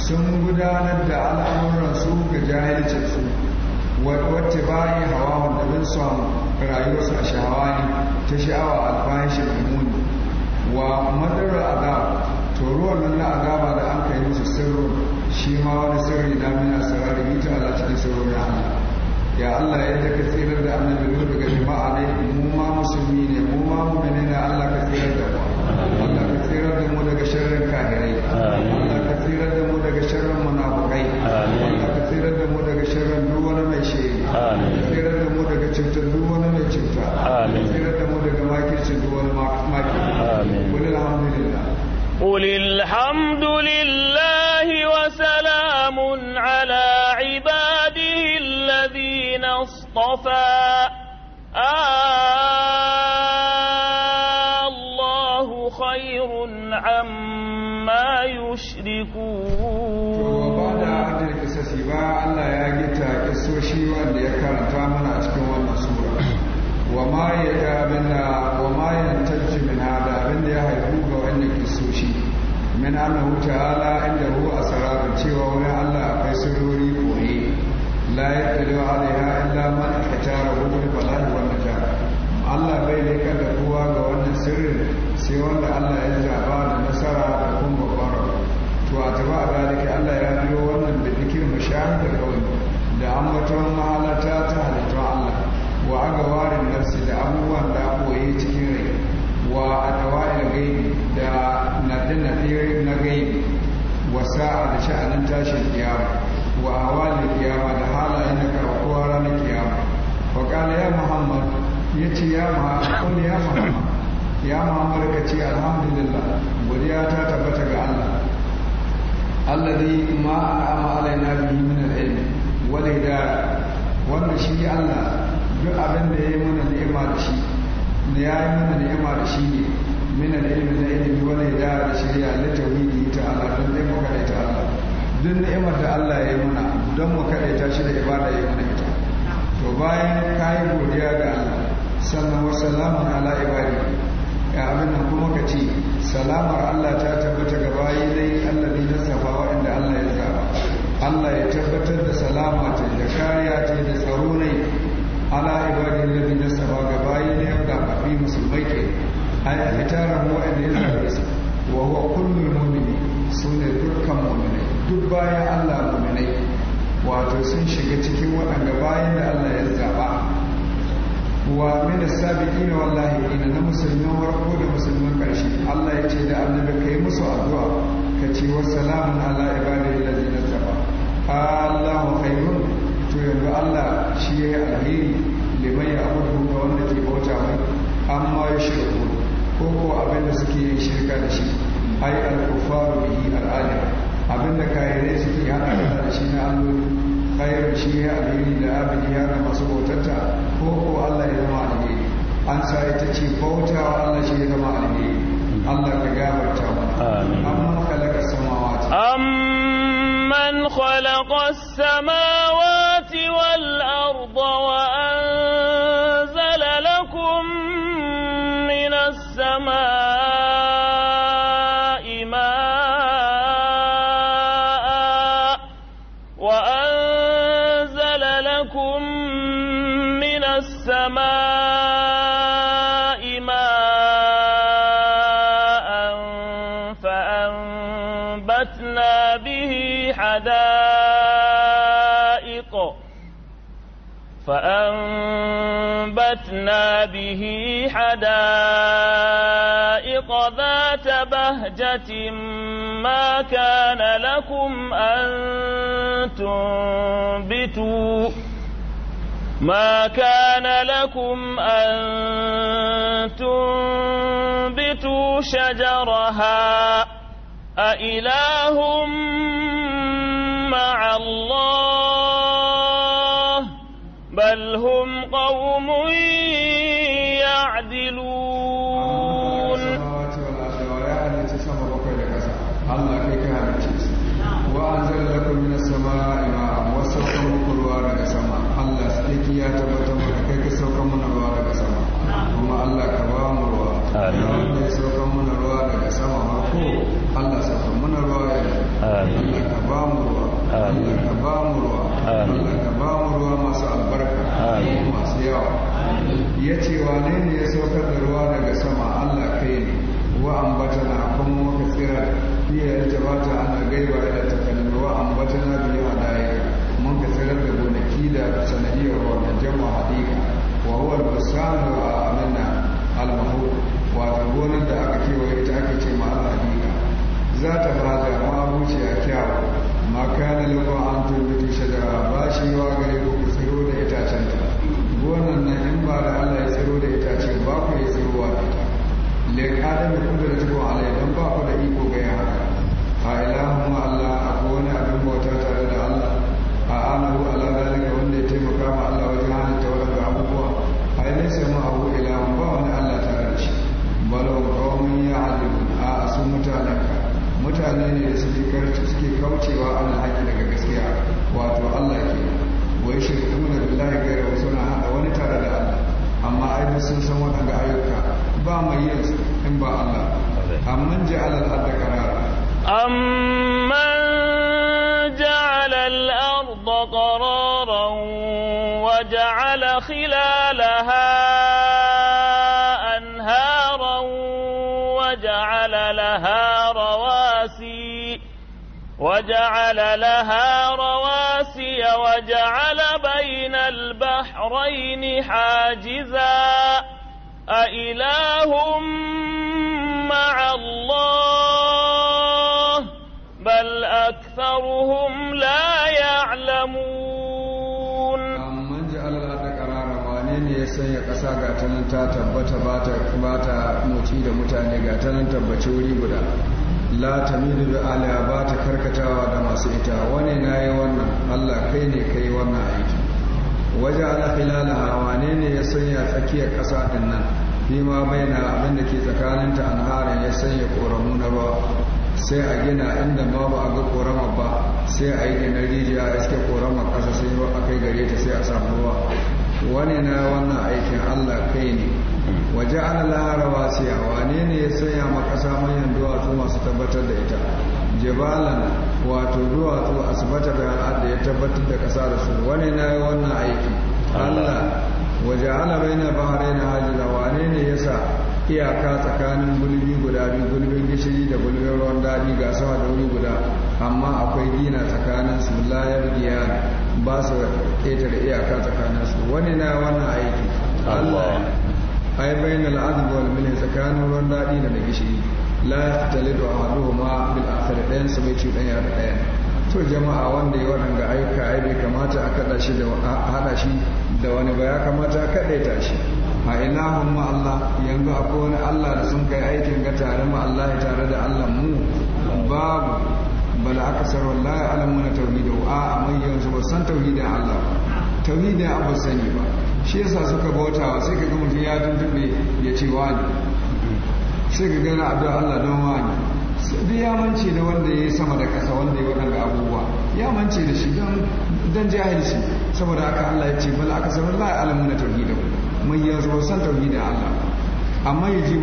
Speaker 1: sun gudanar da al'amuransu ga jahilcinsu wacce bayi hawa da bin son rayuwarsu a shahawani ta sha'awa alfahishi maimuni wa madara a ga ruwan nan na gaba da an kai musu sirrin shi ma wani sirri na min asrar mita Allah cikin sirrin Allah ya Allah yadda ka tsirar da annabi daga jama'a ne mu ma musulmi ne mu ma mu ne Allah ka tsirar da mu tsirar da mu daga sharrin kafirai Allah ka tsirar da mu daga sharrin munafukai Allah ka tsirar da mu daga sharrin duk wani mai shiri ka tsirar da mu daga cutar duk wani mai cuta ka tsirar da mu daga makircin duk wani makirci qul alhamdulillah
Speaker 2: qul alhamdulillah
Speaker 1: tashin kiyama wa ahwalil kiyama da halayen da karkuwa ranar kiyama wa qala ya muhammad ya ce ya muhammad kun ya muhammad ya muhammad ka ce alhamdulillah godiya ta tabbata ga Allah allah alladhi ma an'ama alaina bihi min al-ilm wal hidayah wanda shi Allah duk abin da yi mana ni'ima da shi ya yi mana ni'ima da shi ne min al-ilm da ilimi wal hidayah da shari'a da tauhidi ta Allah dan dai muka da ta Allah duk ni'imar da Allah ya yi mana don mu ta shi da ibada ya mana ita to bayan ka yi godiya ga Allah sannan wa salamun ala ibadi ya abin nan kuma ka ce salamar Allah ta tabbata ga bayi dai Allah ne na safa waɗanda Allah ya zaba Allah ya tabbatar da salama ta da kariya ta da tsaro ne ala ibadi na safa ga bayi ne ga kafi musulmai ke ay fitaran mu'minin wa huwa kullu su ne dukkan mu'minai duk bayan Allah muminai wato sun shiga cikin waɗanda bayan da Allah ya zaɓa wa min as ina wallahi ina na musulman warko da musulman karshe Allah ya ce da annabi kai musu addu'a ka ce wa salamun ala ibadihi allazina zaba Allahu khairun to yanzu Allah shi ya yi alheri liman ya ga wanda ke bauta mai amma ya shirku ko ko abin da suke yin shirka da shi ai al-kufaru bihi al abin da kayayyai suke hana ta da shi na alloli khairu shi ya alheri da abin ya na masu bautata ko ko Allah ya zama alheri an sa ita ce bautawa Allah shi ya zama alheri Allah ka gafarta
Speaker 2: mana
Speaker 1: amma khalaqa
Speaker 2: samawati amman khalaqa as-samawati wal ard الحدائق ذات بهجة ما كان لكم أن تنبتوا ما كان لكم أن تنبتوا شجرها أإله مع الله بل هم
Speaker 1: ka ba ruwa masu albarka masu yawa ya ce wane ne ya saukar da ruwa daga sama Allah kai ne wa ambata na kuma muka tsira fiye da jabata ana gaiba cikin alai don ba ku da iko ga yin haka a ilahun ma Allah a wani abin bauta tare da Allah a Allah da daga wanda ya taimaka ma Allah wajen halitta waɗanda abubuwa a yi nesa ma abu ilahun ba wani Allah tare da shi Balo kawai ya halibu a su mutanen ka mutane ne da suke karci suke kaucewa an haƙi daga gaskiya wato Allah ke wai shirku da billahi gaira suna haɗa wani tare da Allah amma ai sun san waɗanda ayyuka ba mai yin su
Speaker 2: أمن جعل الأرض قرارا وجعل خلالها أنهارا وجعل لها رواسي وجعل لها رواسي وجعل بين البحرين حاجزا أإله أكثرهم لا يعلمون
Speaker 1: أمن جعل الأرض قرارا وانين يسن يقسا غاتنا تاتبت باتا باتا موتي متاني غاتنا تبتشوري بدا la ta milu da aliya ba ta karkatawa da masu ita wani na yi wannan allah kai ne ka yi wannan aiki waje ala filala hawa ne ya sanya tsakiyar ƙasa ɗin nan fi ma bai na abin da ke tsakaninta an harin ya sanya ƙoramu na ruwa sai a gina inda ma ba a ga korama ba sai a yi gina rijiya a iske korama ƙasa sai ruwa a kai gare ta sai a samu ruwa wani na wannan aikin allah kai ne waje an larawa siya wane ne ya sanya ma ƙasa manyan duwatsu masu tabbatar da ita jibalan wato duwatsu asibata bayan adda ya tabbatar da kasa da su wani na yi wannan aiki allah waje ala bai na bahare na hajjila wane ne ya sa iyaka tsakanin gulbi guda biyu gulbin gishiri da gulbin ruwan daɗi ga sama da wuri guda amma akwai gina tsakanin su layar giya ba su ƙetare iyaka tsakanin su wani na wannan aiki Allah ai bayan al'adun da milh tsakanin ruwan daɗi da gishiri la yaftalidu ma. bil akhar ɗayan su bai cuɗanya yara ɗayan to jama'a wanda ya waɗanga ayyuka ai bai kamata a kaɗa shi da shi da wani ba ya kamata a kaɗaita shi a ilahun ma Allah yanzu akwai wani Allah da sun kai aikin ga tare ma Allah ya tare da Allah mu babu bala akasar wallahi alamuna tauhidin a a mai yanzu ba san tauhidin Allah tauhidin abu sani ba shi yasa suka bautawa sai ka ga mutum ya tuntube ya ce wani sai ka gana addu'a Allah don wani duk ya mance da wanda ya yi sama da ƙasa wanda ya waɗanda abubuwa ya mance da shi don jahilci saboda aka Allah ya ce bala aka sanar alamu na tauhidin من يزور سنتو جيدا الله أما يجيب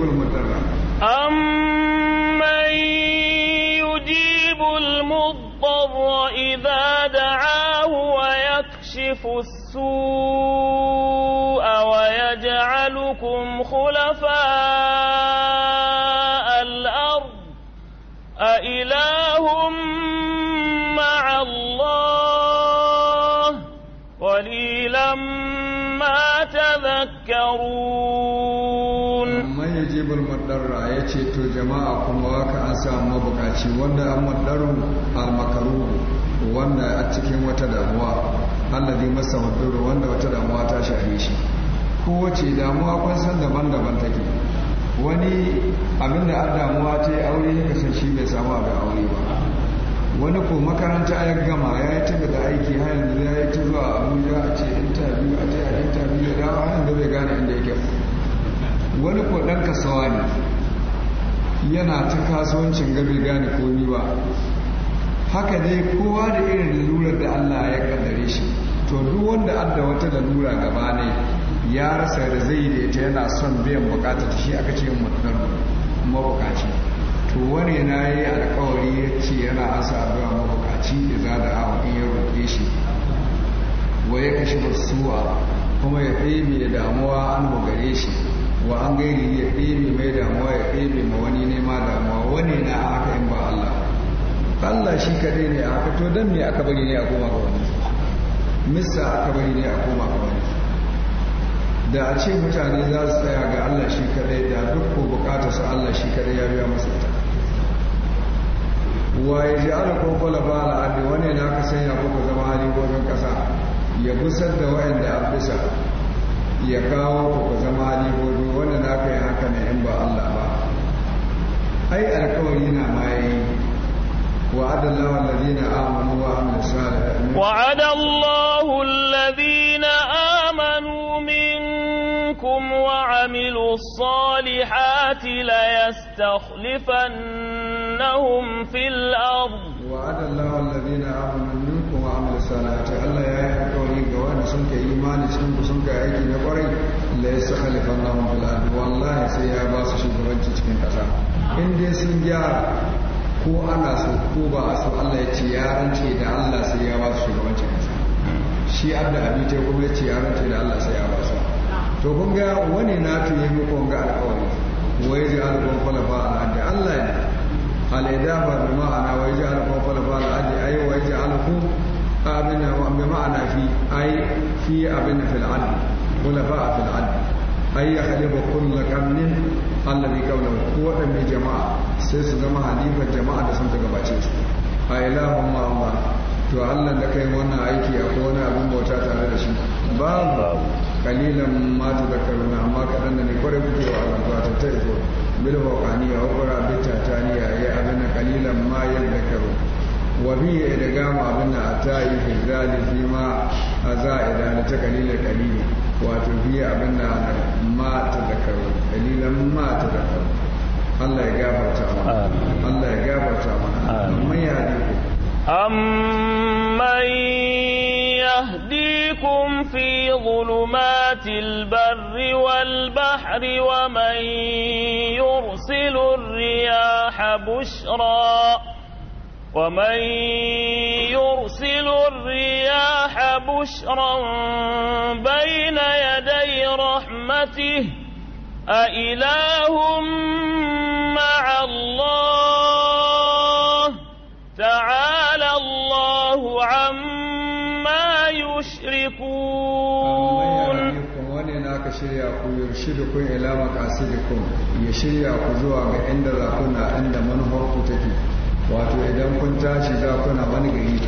Speaker 2: السوء ويجعلكم خلفاء تسحرون
Speaker 1: من يجيب المضطر يجي تو جماعة كما وكا أنسى مبقاتي وانا المضطر المكروه وانا أتكين وتدعوا الذي مسه الدور وانا وتدعوا تشعيشي kowace damuwa kun san daban-daban take wani abin da an damuwa ta yi aure ya kasance shi bai samu abin aure ba wani ko makaranta ya gama ya yi tafi da aiki har yanzu ya yi ta a abuja a ce interview a ce a interview wanda bai gane inda yake wani ko ɗan kasawa ne yana ta kasuwancin ga gane komi ba haka ne kowa da irin lalurar da Allah ya kaddare shi to duk wanda da wata lalura gaba ne ya rasa da zai da ita yana son biyan bukata ta shi aka ce mutum mabukaci to wani na yi alkawari ya ce yana asa addu'a mabukaci da za da awa in ya roƙe shi wa ya kashe basuwa kuma ya ɗebe da damuwa an gare shi wa an gairi ya ɗebe mai damuwa ya ɗebe ma wani nema damuwa wani na haka yin ba Allah Allah shi kadai ne a haka to don me aka bari ne a koma ga wani misa aka bari ne a koma ga wani da a ce mutane za su tsaya ga Allah shi kadai da duk ko bukatar su Allah shi kadai ya biya masa ita wa ya ji ala ko kwalaba al'adu wani na ka sanya kuka zama hali gobe kasa ya busar da da an bisa ya kawo ku zama halibobi wanda na kai haka ne in ba Allah ba ai alkawari na ma وعد الله الذين آمنوا وعملوا الصالحات
Speaker 2: وعد الله الذين آمنوا منكم وعملوا الصالحات ليستخلفنهم في الأرض وعد الله الذين آمنوا
Speaker 1: suka aiki na kwarai ya su halifan lamun ardi wallahi sai ya ba su shugabanci cikin kasa in dai sun gyara ko ana so ko ba a so Allah ya ce ya rance da Allah sai ya ba su shugabanci kasa shi abda abita ta kuma ya ce ya rance da Allah sai ya ba su to kun ga wani na tuye muku ga alkawari wai ji alƙon falafa a ardi Allah ya ne ba bi ma'ana wai ji alƙon falafa a ardi ayi wai ji alƙon abin na ma'ana fi ai fi abin da fil'ad kula ba a fil'ad ai ya khalifa kulla kamnin allabi kaunar ko waɗanne jama'a sai su zama halifar jama'a da sun ta gabace su a ilahun ma'amma to allah da kai wannan aiki a wani abin bauta tare da shi babu kalilan ma ta zakaruna amma kaɗan da ne kwarai kuke wa alamfa ya kalilan mayar yadhakkaruna وبه إدغام أبن أتاي في الزاد فيما أزائد أن تقليل قليل وتفيه أبن ما تذكر قليلا ما تذكر الله يغفر تعالى الله يغفر تعالى من
Speaker 2: يهديكم من يهديكم في ظلمات البر والبحر ومن يرسل الرياح بشرا ومن يرسل الرياح بشرا بين يدي رحمته أإله مع الله تعالى الله عما يشركون
Speaker 1: ka shirya ku yurshidukun ila maqasidikum ya shirya ku zuwa ga inda zakuna inda manufar ku take wato idan kun tashi za kuna wani gari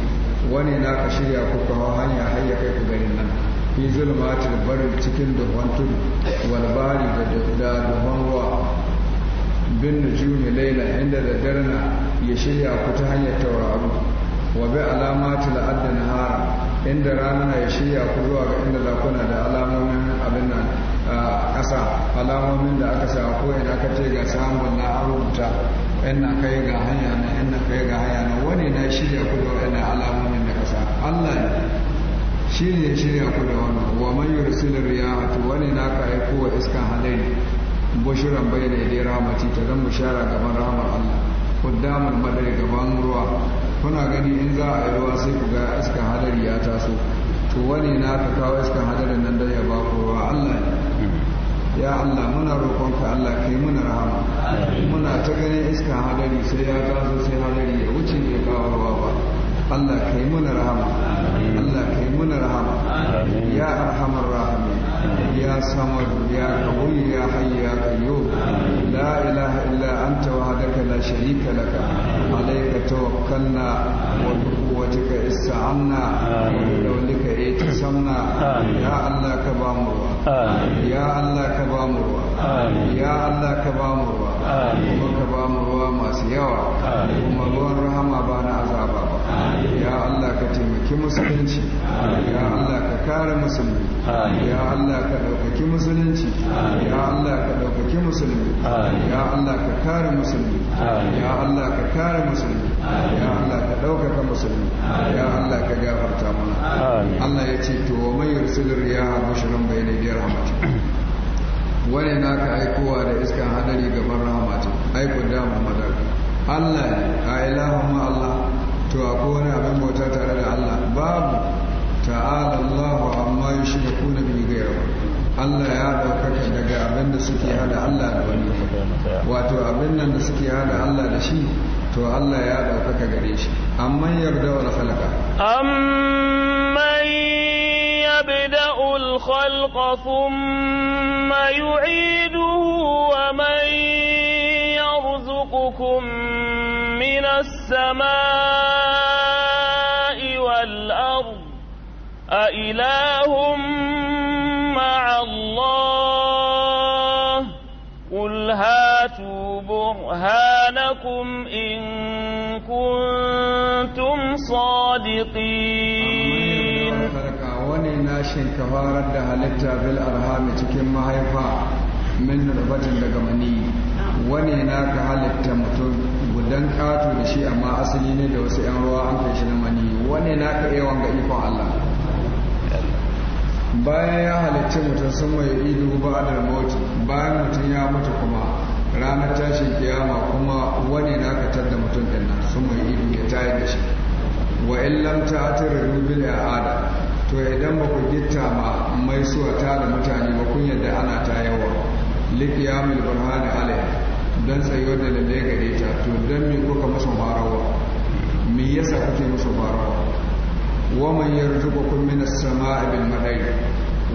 Speaker 1: wani na ka shirya ku kawo hanya har ya kai ku garin nan fi zulmatil barin cikin duhon tudu walbari da duhon ruwa bin nujumi laila inda da darna ya shirya ku ta hanyar tauraro wa bi alamatil adda nahara inda rana ya shirya ku zuwa ga inda na da alamomin abin nan a ƙasa alamomin da aka sa ko ina ka ce ga samun na an Ina kai ga hanya na ina kai ga hanya na wani na shirya ku da wani alamomin da kasa Allah shi ne shirya ku da wani wa man yursil riyaha to wani na ka aiko wa iskan halain bushuran bai da rahmati ta zan bushara gaban rahmar Allah kuddamul madari gaban ruwa kuna gani in za a yi ruwa sai ku ga iskan hadari ya taso to wani na ka kawo iskan hadarin nan da ya ba ku ruwa Allah ne ya Allah muna roƙonka Allah kai muna rahama muna ta ganin iska hadari sai ya taso sai hadari ya wuce bai kawo ruwa ba Allah kai muna rahama Allah kai muna rahama ya arhamar rahama ya samar ya ɗauri ya hayya kayo la ilaha illa anta wa hadaka la sharika laka alayka tawakkalna wa bi quwwatika ista'anna wa bi dawlika itasanna ya allah ka ba mu ruwa ya allah ka ba ya allah ka ba mu ruwa kuma ka ba mu ruwa masu yawa kuma ruwan rahama ba na azaba ba ya allah ka taimaka ɗaukaki musulunci ya Allah ka kare musulmi ya Allah ka ɗaukaki musulunci ya Allah ka ɗaukaki musulmi ya Allah ka kare musulmi ya Allah ka kare musulmi ya Allah ka ɗaukaka musulmi ya Allah ka gafarta mana Allah ya ce to wa mai yursilur riyaha bai bayna biyar rahmatin wani na ka aikowa da iskan hadari gaban rahama ce aikun damar madar Allah ne a ilahun Allah to ko wani abin bauta tare da Allah babu ta'ala Allahu amma kuna bi ghayrihi Allah ya ɗaukaka daga abin da suke hada Allah da wani wato abin nan da suke hada Allah da shi to Allah ya daukaka gare shi amma yarda wal khalaqa
Speaker 2: amman يبدأ الخلق ثم يعيده ومن يرزقكم من السماء أإله مع الله قل هاتوا برهانكم إن كنتم صادقين
Speaker 1: wani nashin kafarar da halitta bil arhami cikin mahaifa min rubatin daga mani wani na ka halitta mutum gudan kato da shi amma asali ne da wasu 'yan ruwa an kai na mani wani na ka iya wanga ikon Allah bayan ya halicci mutum sun mai ido ba da mawuti bayan mutum ya mutu kuma ranar tashin kiyama kuma wani na ka da mutum din nan sun mai ido ya tayi da shi wa in lam ta'tir rubil i'ada to idan ba ku gitta ma mai suwa ta da mutane ba kun yadda ana ta yawa liqiyamil burhani alaiha dan tsayuwar da lalle gare ta to dan me kuka musu barawa me yasa kuke musu barawa waman yarzuqukum minas sama'i bil madai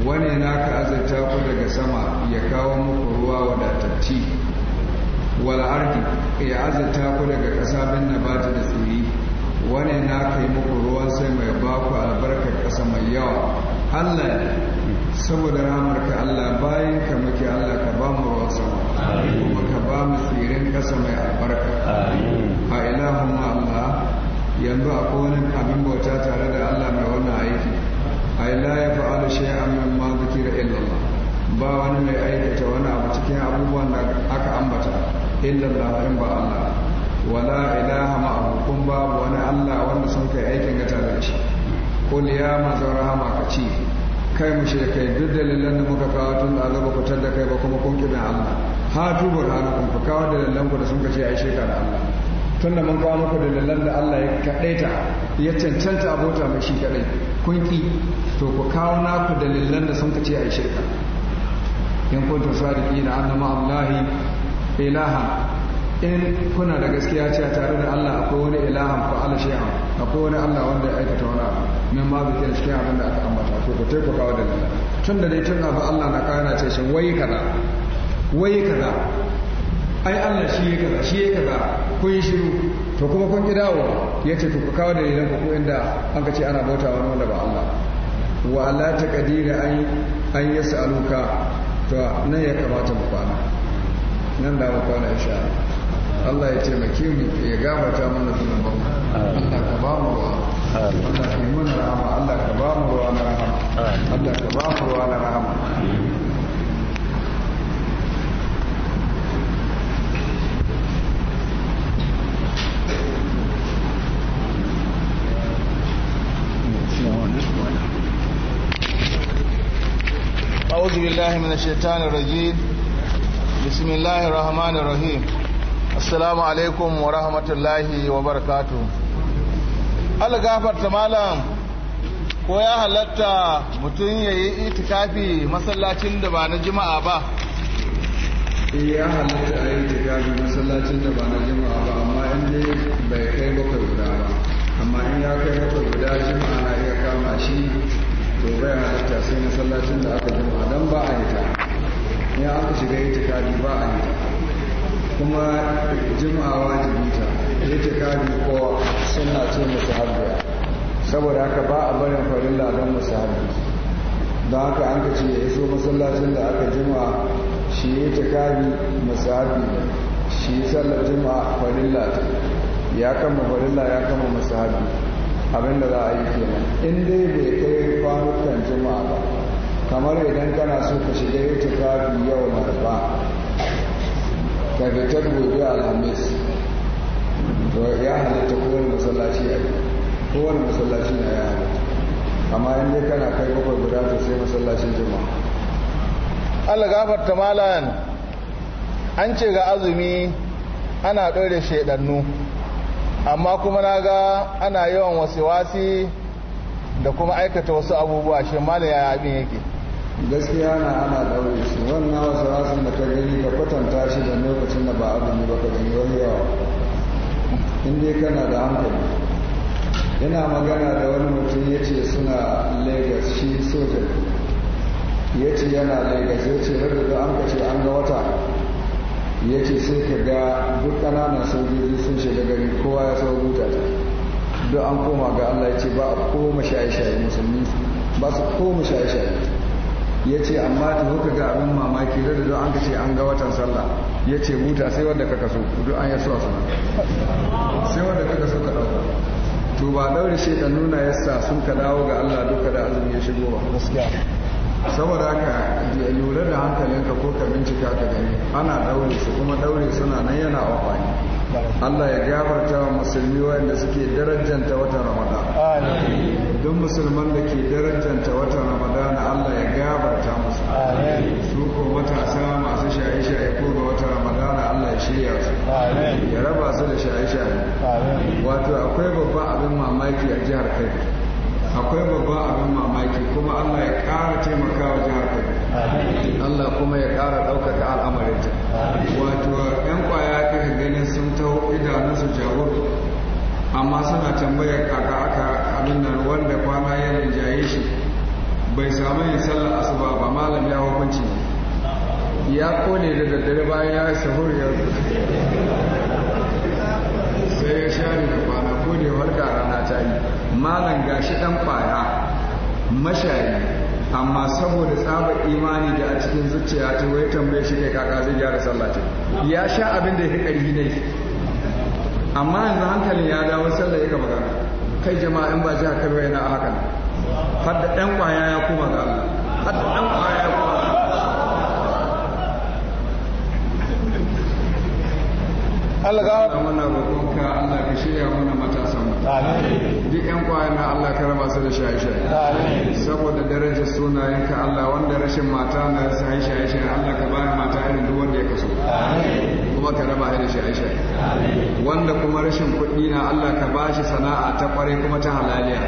Speaker 1: na naka azurta ku daga sama ya kawo muku ruwa wadatacci wal ardi ya azurta ku daga ƙasa bin nabata da tsiri wane naka yi muku ruwan sai mai ba ku albarkar ƙasa mai yawa Allah saboda ka Allah bayan ka muke Allah ka ba mu ruwan sama kuma ka ba mu tsirin ƙasa mai albarka a ilahun Allah yanzu akwai wani abin bauta tare ay la ya fa'alu shay'an min ma illa Allah ba wani mai aikata wani abu cikin abubuwan da aka ambata illa Allah in ba Allah wala ilaha ma'ahu kun babu wani Allah wanda sun kai aikin ga tare da shi kul ya manzon rahama ka ci kai mu kai duk dalilan da muka kawo tun da azaba ku da kai ba kuma kun kibin Allah hatu burhanakum ku kawo dalilan ku da sun kace ai shirka da Allah tun da mun kawo muku da da Allah ya ta ya cancanta abota mai shi kaɗai kun ƙi to ku kawo naku da lallan da sun kace a yi shirka in kuntum sadiqina anna ma'allahi ilaha. in kuna da gaskiya ce tare da Allah akwai wani ilahan fa ala shi'a akwai wani Allah wanda ya aikata wani abu min ma bi kan shi abin da aka ambata to ku tai ku kawo da tun da dai tun abu Allah na kana ce shi wai kaza wai kaza ai Allah shi ya kaza shi ya kaza kun yi shiru to kuma kun ki dawo ya ce to ku kawo da ku ko inda an ka ce ana bauta wani wanda ba Allah wa la taqdira an an yas'aluka to nan ya kamata mu kwana nan da mu kwana insha Allah Allah ya taimake mu ya gafarta mana zunuban Allah ka ba mu Allah ka yi mana rahama Allah ka ba mu ruwa na rahama Allah ka ba mu ruwa na rahama
Speaker 3: أعوذ بالله من الشيطان الرجيم بسم الله الرحمن الرحيم السلام عليكم ورحمة الله وبركاته ألا gafarta تمالا ويا هلتا متنية mutum ya yi جمع masallacin
Speaker 1: eh ya halitta a yi tafiya masallacin da ba na jima'a ba amma in dai bai kai bakwai guda ba amma in ya kai bakwai guda jima'a na iya kama shi to bai halitta sai masallacin da aka jima'a don ba a yi ta in aka shiga yi tafiya ba a yi ta kuma jima'a wajibi ta yi tafiya ko suna ce musu habbiya saboda haka ba a barin farilla don musu habbi don haka an ka ce ya iso masallacin da aka jima'a shi ta kari musahabi shi sallar juma'a farilla ya kama farilla ya kama musahabi abinda za a yi kenan in dai bai kai kwanukan juma'a ba kamar idan kana so ka shiga yi kari yau na ba ka ta gobe alhamis to ya halatta kowane masallaci a yi kowane masallaci na ya halatta amma in dai kana kai bakwai guda to sai masallacin juma'a algafar ta malayan
Speaker 3: an ce ga azumi ana ɗaure shaidannu amma kuma na ga ana yawan wasi-wasi da kuma aikata wasu abubuwa shi
Speaker 1: malaya ya abin yake gaskiya na ana ɗaure shi wannan wasu wasan da ka gani ka kwatanta shi da lokacin da ba azumi ba ka gani wani yawa in kana da hankali yana magana da wani mutum ya ce suna lagos shi sojan ya ce yana lagos ya ce har da an kace an ga wata ya ce sai ka ga duk ƙananan sojoji sun shiga gari kowa ya sau buta ta duk an koma ga allah ya ce ba a koma shaye-shaye musulmi ba su koma shaye-shaye ya ce amma ta kuka ga abin mamaki da duk an kace an ga watan sallah ya ce buta sai wanda kaka so duk an yaso a sana sai wanda kaka so ka dauka to ba ɗaure shekaru na yasa sun ka dawo ga allah duka da azumi ya shigo ba saboda haka lura da hankalinka ko ka bincika ka gani ana daure su kuma daure suna nan yana amfani Allah ya gafarta wa musulmi wanda suke darajanta watan Ramadan duk musulman da ke darajanta watan Ramadan Allah ya gafarta musu su ko matasa masu shaye-shaye ko ga watan Ramadan Allah ya shirya su ya raba su da shaye-shaye wato akwai babban abin mamaki a jihar Kebbi akwai babban abin mamaki kuma Allah ya ƙara taimaka wa jihar Kaduna Allah kuma ya ƙara ɗaukaka al'amarinta wato 'yan ƙwaya kika ganin sun taho idanunsu jawur amma suna tambayar kaka aka abin nan wanda kwana ya jaye shi bai samu yin sallar asuba ba malam ya hukunci ya kone da daddare bayan ya yi sahur yanzu sai ya share ne kwana ko warka rana ta yi malam gashi dan kwaya mashayi amma saboda tsaba imani da a cikin zuciya ta wai tambaye shi kai kaka zai gyara sallah ya sha abin da ya karhi ne amma yanzu hankalin ya dawo sallah ya magana kai jama'a in ba jiha haka bai na haka har da dan kwaya ya kuma ga Allah har da dan kwaya ya kuma Allah ga wannan roƙonka Allah ka shirya mana matasan mu amin duk yan kwaya na Allah ka raba su da shaye-shaye saboda darajar yanka Allah wanda rashin mata na sai shaye-shaye Allah ka ba mata irin duk wanda ya kaso kuma ka raba da shaye-shaye wanda kuma rashin kuɗi na Allah ka ba shi sana'a ta kware kuma ta halaliya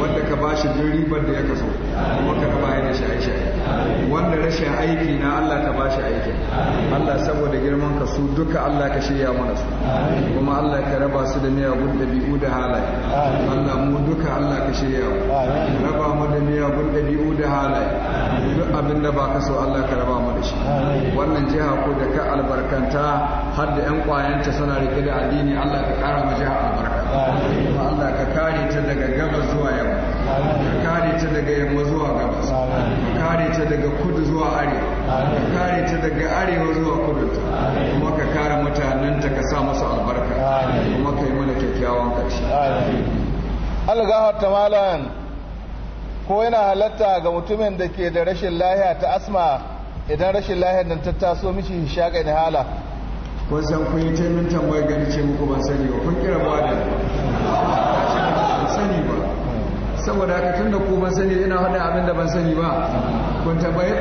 Speaker 1: wanda ka ba shi duk ribar da ya kaso kuma ka raba da shaye-shaye wanda rashin aiki na Allah ka bashi aiki Allah saboda girman ka su duka Allah ka shirya mana su kuma Allah ka raba su da miyagun dabi'u da halaye Allah mu duka Allah ka shirya mu raba mu da miyagun dabi'u da halaye duk abin da baka so Allah ka raba mu da shi wannan jiha ko da ka albarkanta har da yan kwayanta suna rike da addini Allah ka kara mu jiha albarka Allah ka kare ta daga gabas zuwa yamma ka kare ta daga yamma zuwa gabas ka kare ta daga kudu zuwa arewa ka kare ta daga arewa zuwa kudu kuma ka kare mutanen ta ka sa musu albarka kuma ka yi mana kyakkyawan ƙarshe algahar malayan ko yana halatta
Speaker 3: ga mutumin da ke da rashin lahiya ta asma idan rashin lahiyar nan ta taso mishi shaƙa
Speaker 1: ne hala kun san kun yi taimin tambayar gani ce muku ban sani ba kun kira ba da saboda haka tun da ku ban sani ina faɗin abin da ban sani ba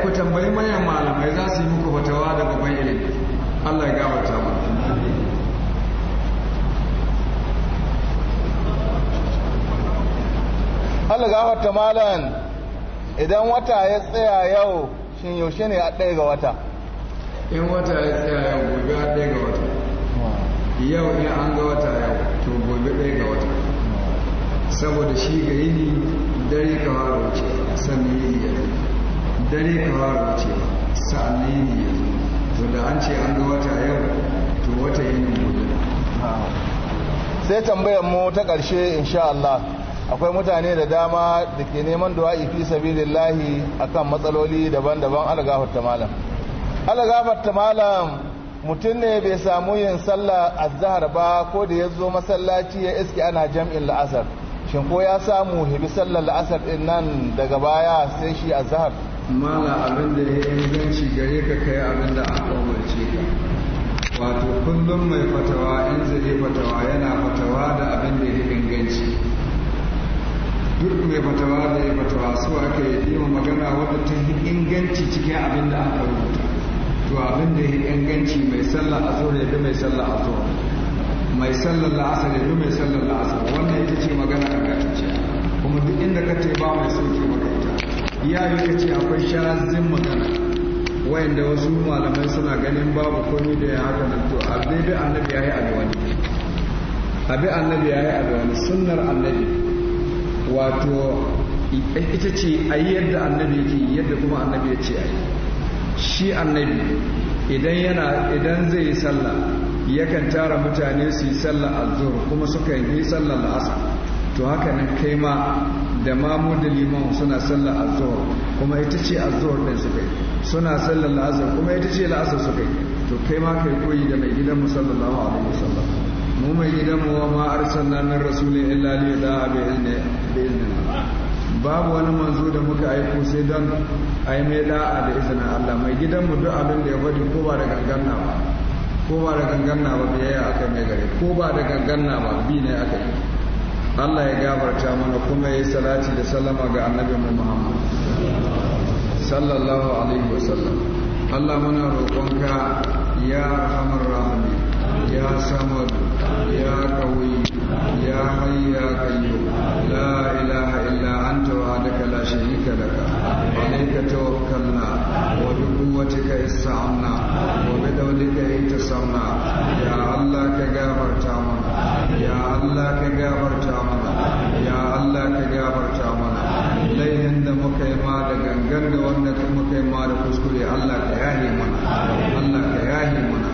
Speaker 1: ku tambayi manyan malamai za su yi muku fatawa da babban ilimi Allah ya gafarta mu
Speaker 3: Allah ya gafarta malam idan wata ya tsaya yau shin yaushe ne a ɗaya ga wata
Speaker 1: in wata ya tsaya yau gobe a ɗaya ga wata yau in an ga wata yau to gobe ɗaya ga saboda shi ga yini dare ka fara wuce sannan yini ya zo dare ka fara wuce sannan yini ya zo to da an ce an ga wata yau to wata yini gobe sai tambayar
Speaker 3: mu ta ƙarshe insha Allah akwai mutane da dama da ke neman wa'i fi sabilillahi kan matsaloli daban-daban algafar ta malam algafar ta malam mutum ne bai samu yin sallah azhar ba ko da ya zo masallaci ya iske ana jam'in la'asar shin ko ya samu hibi sallar la'asar din nan daga baya
Speaker 1: sai shi a zahar mala abin da ya yi inganci gare ka kai abin da aka umarce ka wato kullum mai fatawa in zai fatawa yana fatawa da abin da ya inganci duk mai fatawa da ya fatawa su aka yi yi magana wadda ta yi inganci cikin abin da aka rubuta to abin da ya inganci mai sallar azur ya bi mai sallar azur mai sallar la'asar ya bi mai sallar la'asar wannan ita ce magana mutu inda ka ce ba mai sauke maka ita ya yi ka ce akwai shazin magana wayanda wasu malamai suna ganin babu komi da ya haka nan to abin bi annabi ya yi alwani abin annabi ya yi alwani sunnar annabi wato ita ce a yi yadda annabi yake yadda kuma annabi ya ce a yi shi annabi idan yana idan zai yi sallah yakan tara mutane su yi sallah azhur kuma suka yi sallah al'asr to haka nan kai ma da mamu da liman suna sallar azhar kuma ita ce azhar din su kai suna sallar la'asar kuma ita ce la'asar su kai to kai ma kai koyi da mai gidan mu sallallahu alaihi wasallam mu mai gidan mu ma arsalna min rasulin illa li yada bi izni bi izni babu wani manzo da muka aiko sai don ai mai da'a da izinin Allah mai gidan mu duk abin da ya faɗi ko ba da ganganna ba ko ba da ganganna ba biyayya aka mai gare ko ba da ganganna ba bi ne aka yi Allah ya gabarta mana kuma ya yi salati da salama ga annabi Muhammad sallallahu alaihi wasallam Allah muna roƙonka ya arhamar rahimi ya samar Allah ka yahe mana Allah ka yahe mana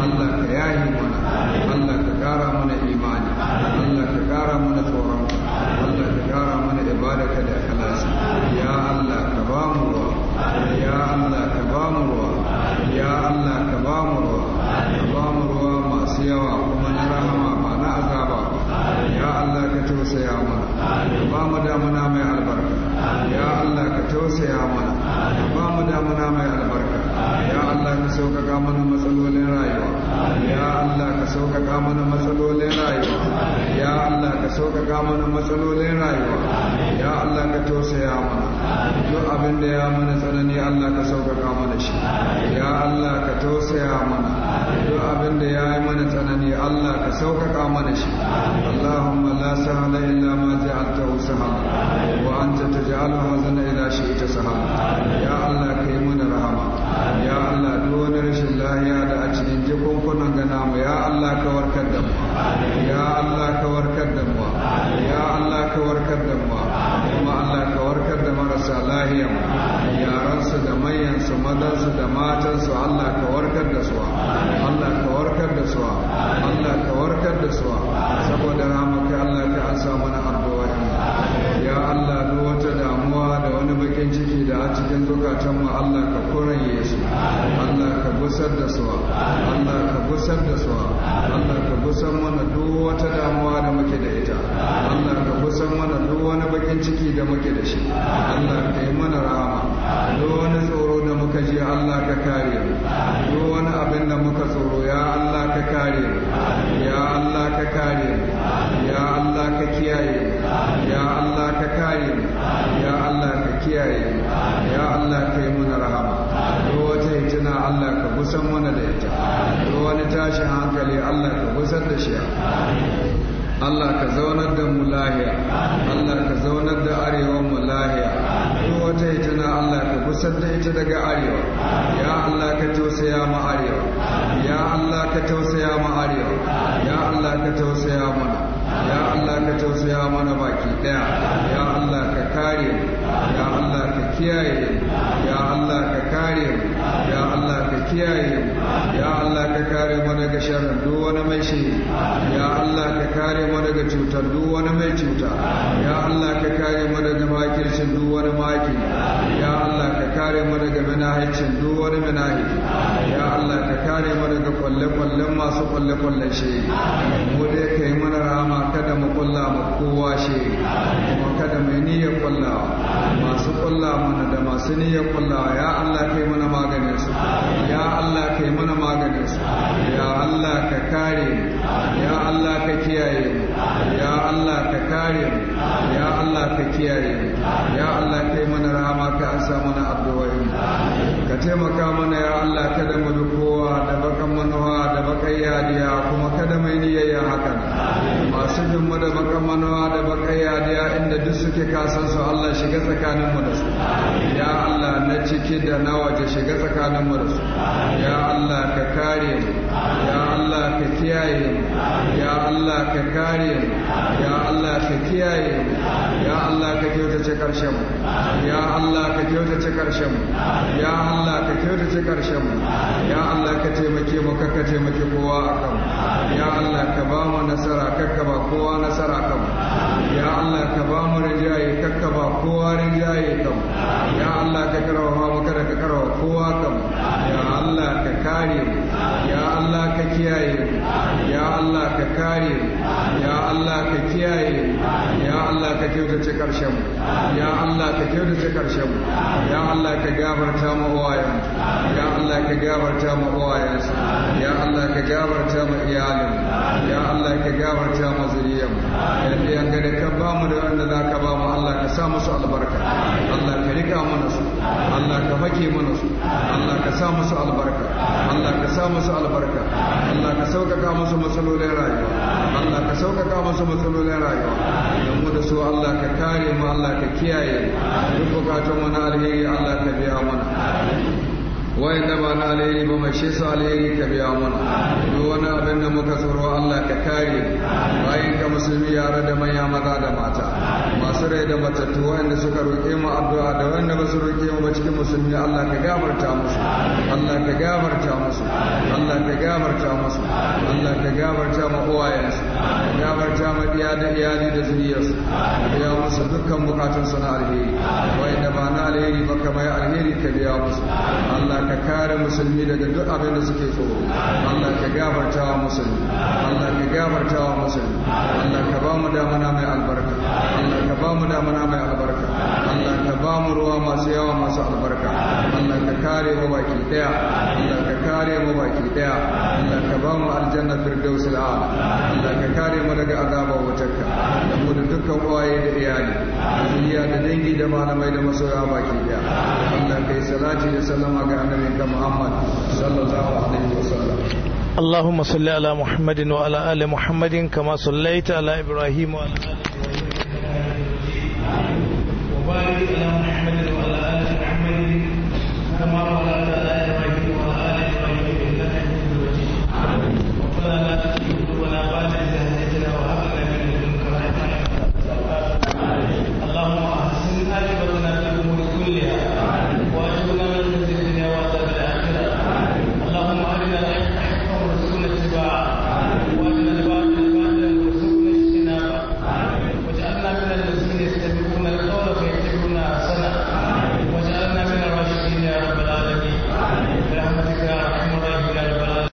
Speaker 1: Allah ka yahe mana Allah ka kara mana imani Allah ka kara mana tsoron Allah ka kara mana ibadaka da ikhlasi ya Allah ka ba mu ruwa ya Allah ka ba mu ruwa ya Allah ka ba mu ruwa ka ba mu ruwa masu yawa kuma na rahama ba na azaba ya Allah ka tausaya mana ba mu da sauƙaƙa mana matsalolin rayuwa ya Allah ka sauƙaƙa mana matsalolin rayuwa ya Allah ka tausaya mana duk abin da ya mana tsanani Allah ka sauƙaƙa mana shi ya Allah ka tausaya mana duk abin da ya yi mana tsanani Allah ka sauƙaƙa mana shi Allahumma la sahla illa ma ja'altahu sahla wa anta taj'alu hazana ila shi'ta sahla mazansu da matansu Allah ka warkar da su Allah ka warkar da su Allah ka warkar da su saboda ramaka Allah ka an sa mana addu'a ya Allah duk wata damuwa da wani bakin ciki da a cikin zukatan mu Allah ka koranye su Allah ka busar da su Allah ka busar da su Allah ka busar mana duk wata damuwa da muke da ita Allah ka busar mana duk wani bakin ciki da muke da shi Allah ka yi mana rahama duk wani Allah ka kare mu duk wani abin da muka tsoro ya Allah ka kare mu ya Allah ka kare mu ya Allah ka kiyaye mu ya Allah ka kare mu ya Allah ka kiyaye mu ya Allah ka yi mana rahama duk wata hitina Allah ka kusan mana da ita duk wani tashin hankali Allah ka kusan da shi Allah ka zaunar da mu lahiya Allah ka zaunar da arewa mu lahiya duk wata hituna Allah ka kusan da ita daga arewa ya Allah ka tausaya ma arewa ya Allah ka tausaya ma arewa ya Allah ka tausaya mana ya Allah ka tausaya mana baki daya ya Allah ka kare ya Allah ka kiyaye ya Allah ka kare mu kiyaye ya Allah ka kare mu daga sharrin duk wani mai shi ya Allah ka kare mu daga cutar duk wani mai cuta ya Allah ka kare mu daga makircin duk wani makirci ya Allah ka kare mu daga manahicin duk wani manahiki ya Allah ka kare mu daga kwalle-kwallen masu kwalle-kwallen shi mu dai ka yi mana rama kada mu kulla mu kowa shi kuma kada mai niyyar kulla. masu kulla mana da masu niyyar kulla ya Allah ka yi mana maganin su ya Allah ka yi mana maganin su ya Allah ka kare ya Allah ka kiyaye ya Allah ka kare ya Allah ka kiyaye ya Allah kai mana rama ka ansa mana addu'o'in ka taimaka mana ya Allah kada mu kowa da bakan manuwa bakai yadiya kuma kada mai niyayya hakan masu mu da bakan manawa da bakai yadiya inda duk suke kasan su Allah shiga tsakanin mu da su ya Allah na ciki da na waje shiga tsakanin mu da su ya Allah ka kare mu ya Allah ka kiyaye mu ya Allah ka kare mu ya Allah ka kiyaye mu ya Allah ka ce karshen mu ya Allah ka ce karshen mu ya Allah ka ce karshen mu ya Allah ka taimake mu ka taimake taimaki kowa a kan ya Allah ka ba mu nasara kakka ba kowa nasara kan ya Allah ka ba mu rinjaye kakka ba kowa rinjaye kan ya Allah ka karawa mu kada ka karawa kowa kan ya Allah ka kare mu ya Allah ka kiyaye mu ya Allah ka kare mu ya Allah ka kiyaye mu ya Allah ka kyautace karshen mu ya Allah ka kyautace karshen mu ya Allah ka gabarta mu uwayen ya Allah ka gabarta mu uwayen ya Allah ka gabarta mu iyalin ya Allah ka gabarta mu zuriyar yadda yanga da ka ba mu da wanda za ka ba mu Allah ka sa musu albarka Allah ka rika mana su Allah ka fake mana su Allah ka sa mu musu albarka Allah ka sa musu albarka Allah ka sauƙaƙa musu matsalolin rayuwa Allah ka sauƙaƙa musu matsalolin rayuwa da mu da su Allah ka kare mu Allah ka kiyaye duk bukatun mu na alheri Allah ka biya mana wayan da ba na alheri ba mai su alheri ka biya mana duk wani abin da muka tsoro Allah ka kare bayan ka musulmi yare da manya maza da mata masu rai da matattu wayanda suka roƙe mu addu'a da wayanda ba su roƙe mu ba cikin musulmi Allah ka gafarta musu Allah ka gafarta musu Allah ka gafarta musu Allah ka gafarta ma uwayensu ka gafarta ma diya da iyali da zuriyarsu ka biya musu dukkan bukatun su na alheri wayan da ba na alheri ba kamar alheri ka biya musu Allah ka kare musulmi daga duk abin da suke tsoro Allah ka gafarta wa musulmi Allah ka gafarta wa musulmi Allah ka ba mu damana mai albarka Allah ka ba mu damana mai albarka Allah ka ba mu ruwa masu yawa masu albarka Allah ka kare mu baki daya Allah ka kare mu baki daya Allah ka ba mu aljanna firdaus al'ala Allah ka kare mu daga azaba wutarka da mu da dukkan uwaye da iyali da zuriya da dangi da malamai da masoya baki daya Allah ka yi salati da salama ga annabinka Muhammad sallallahu alaihi wasallam
Speaker 3: اللهم صل على محمد وعلى آل محمد كما صليت على إبراهيم وعلى آل إبراهيم وبارك على محمد وعلى آل محمد كما باركت على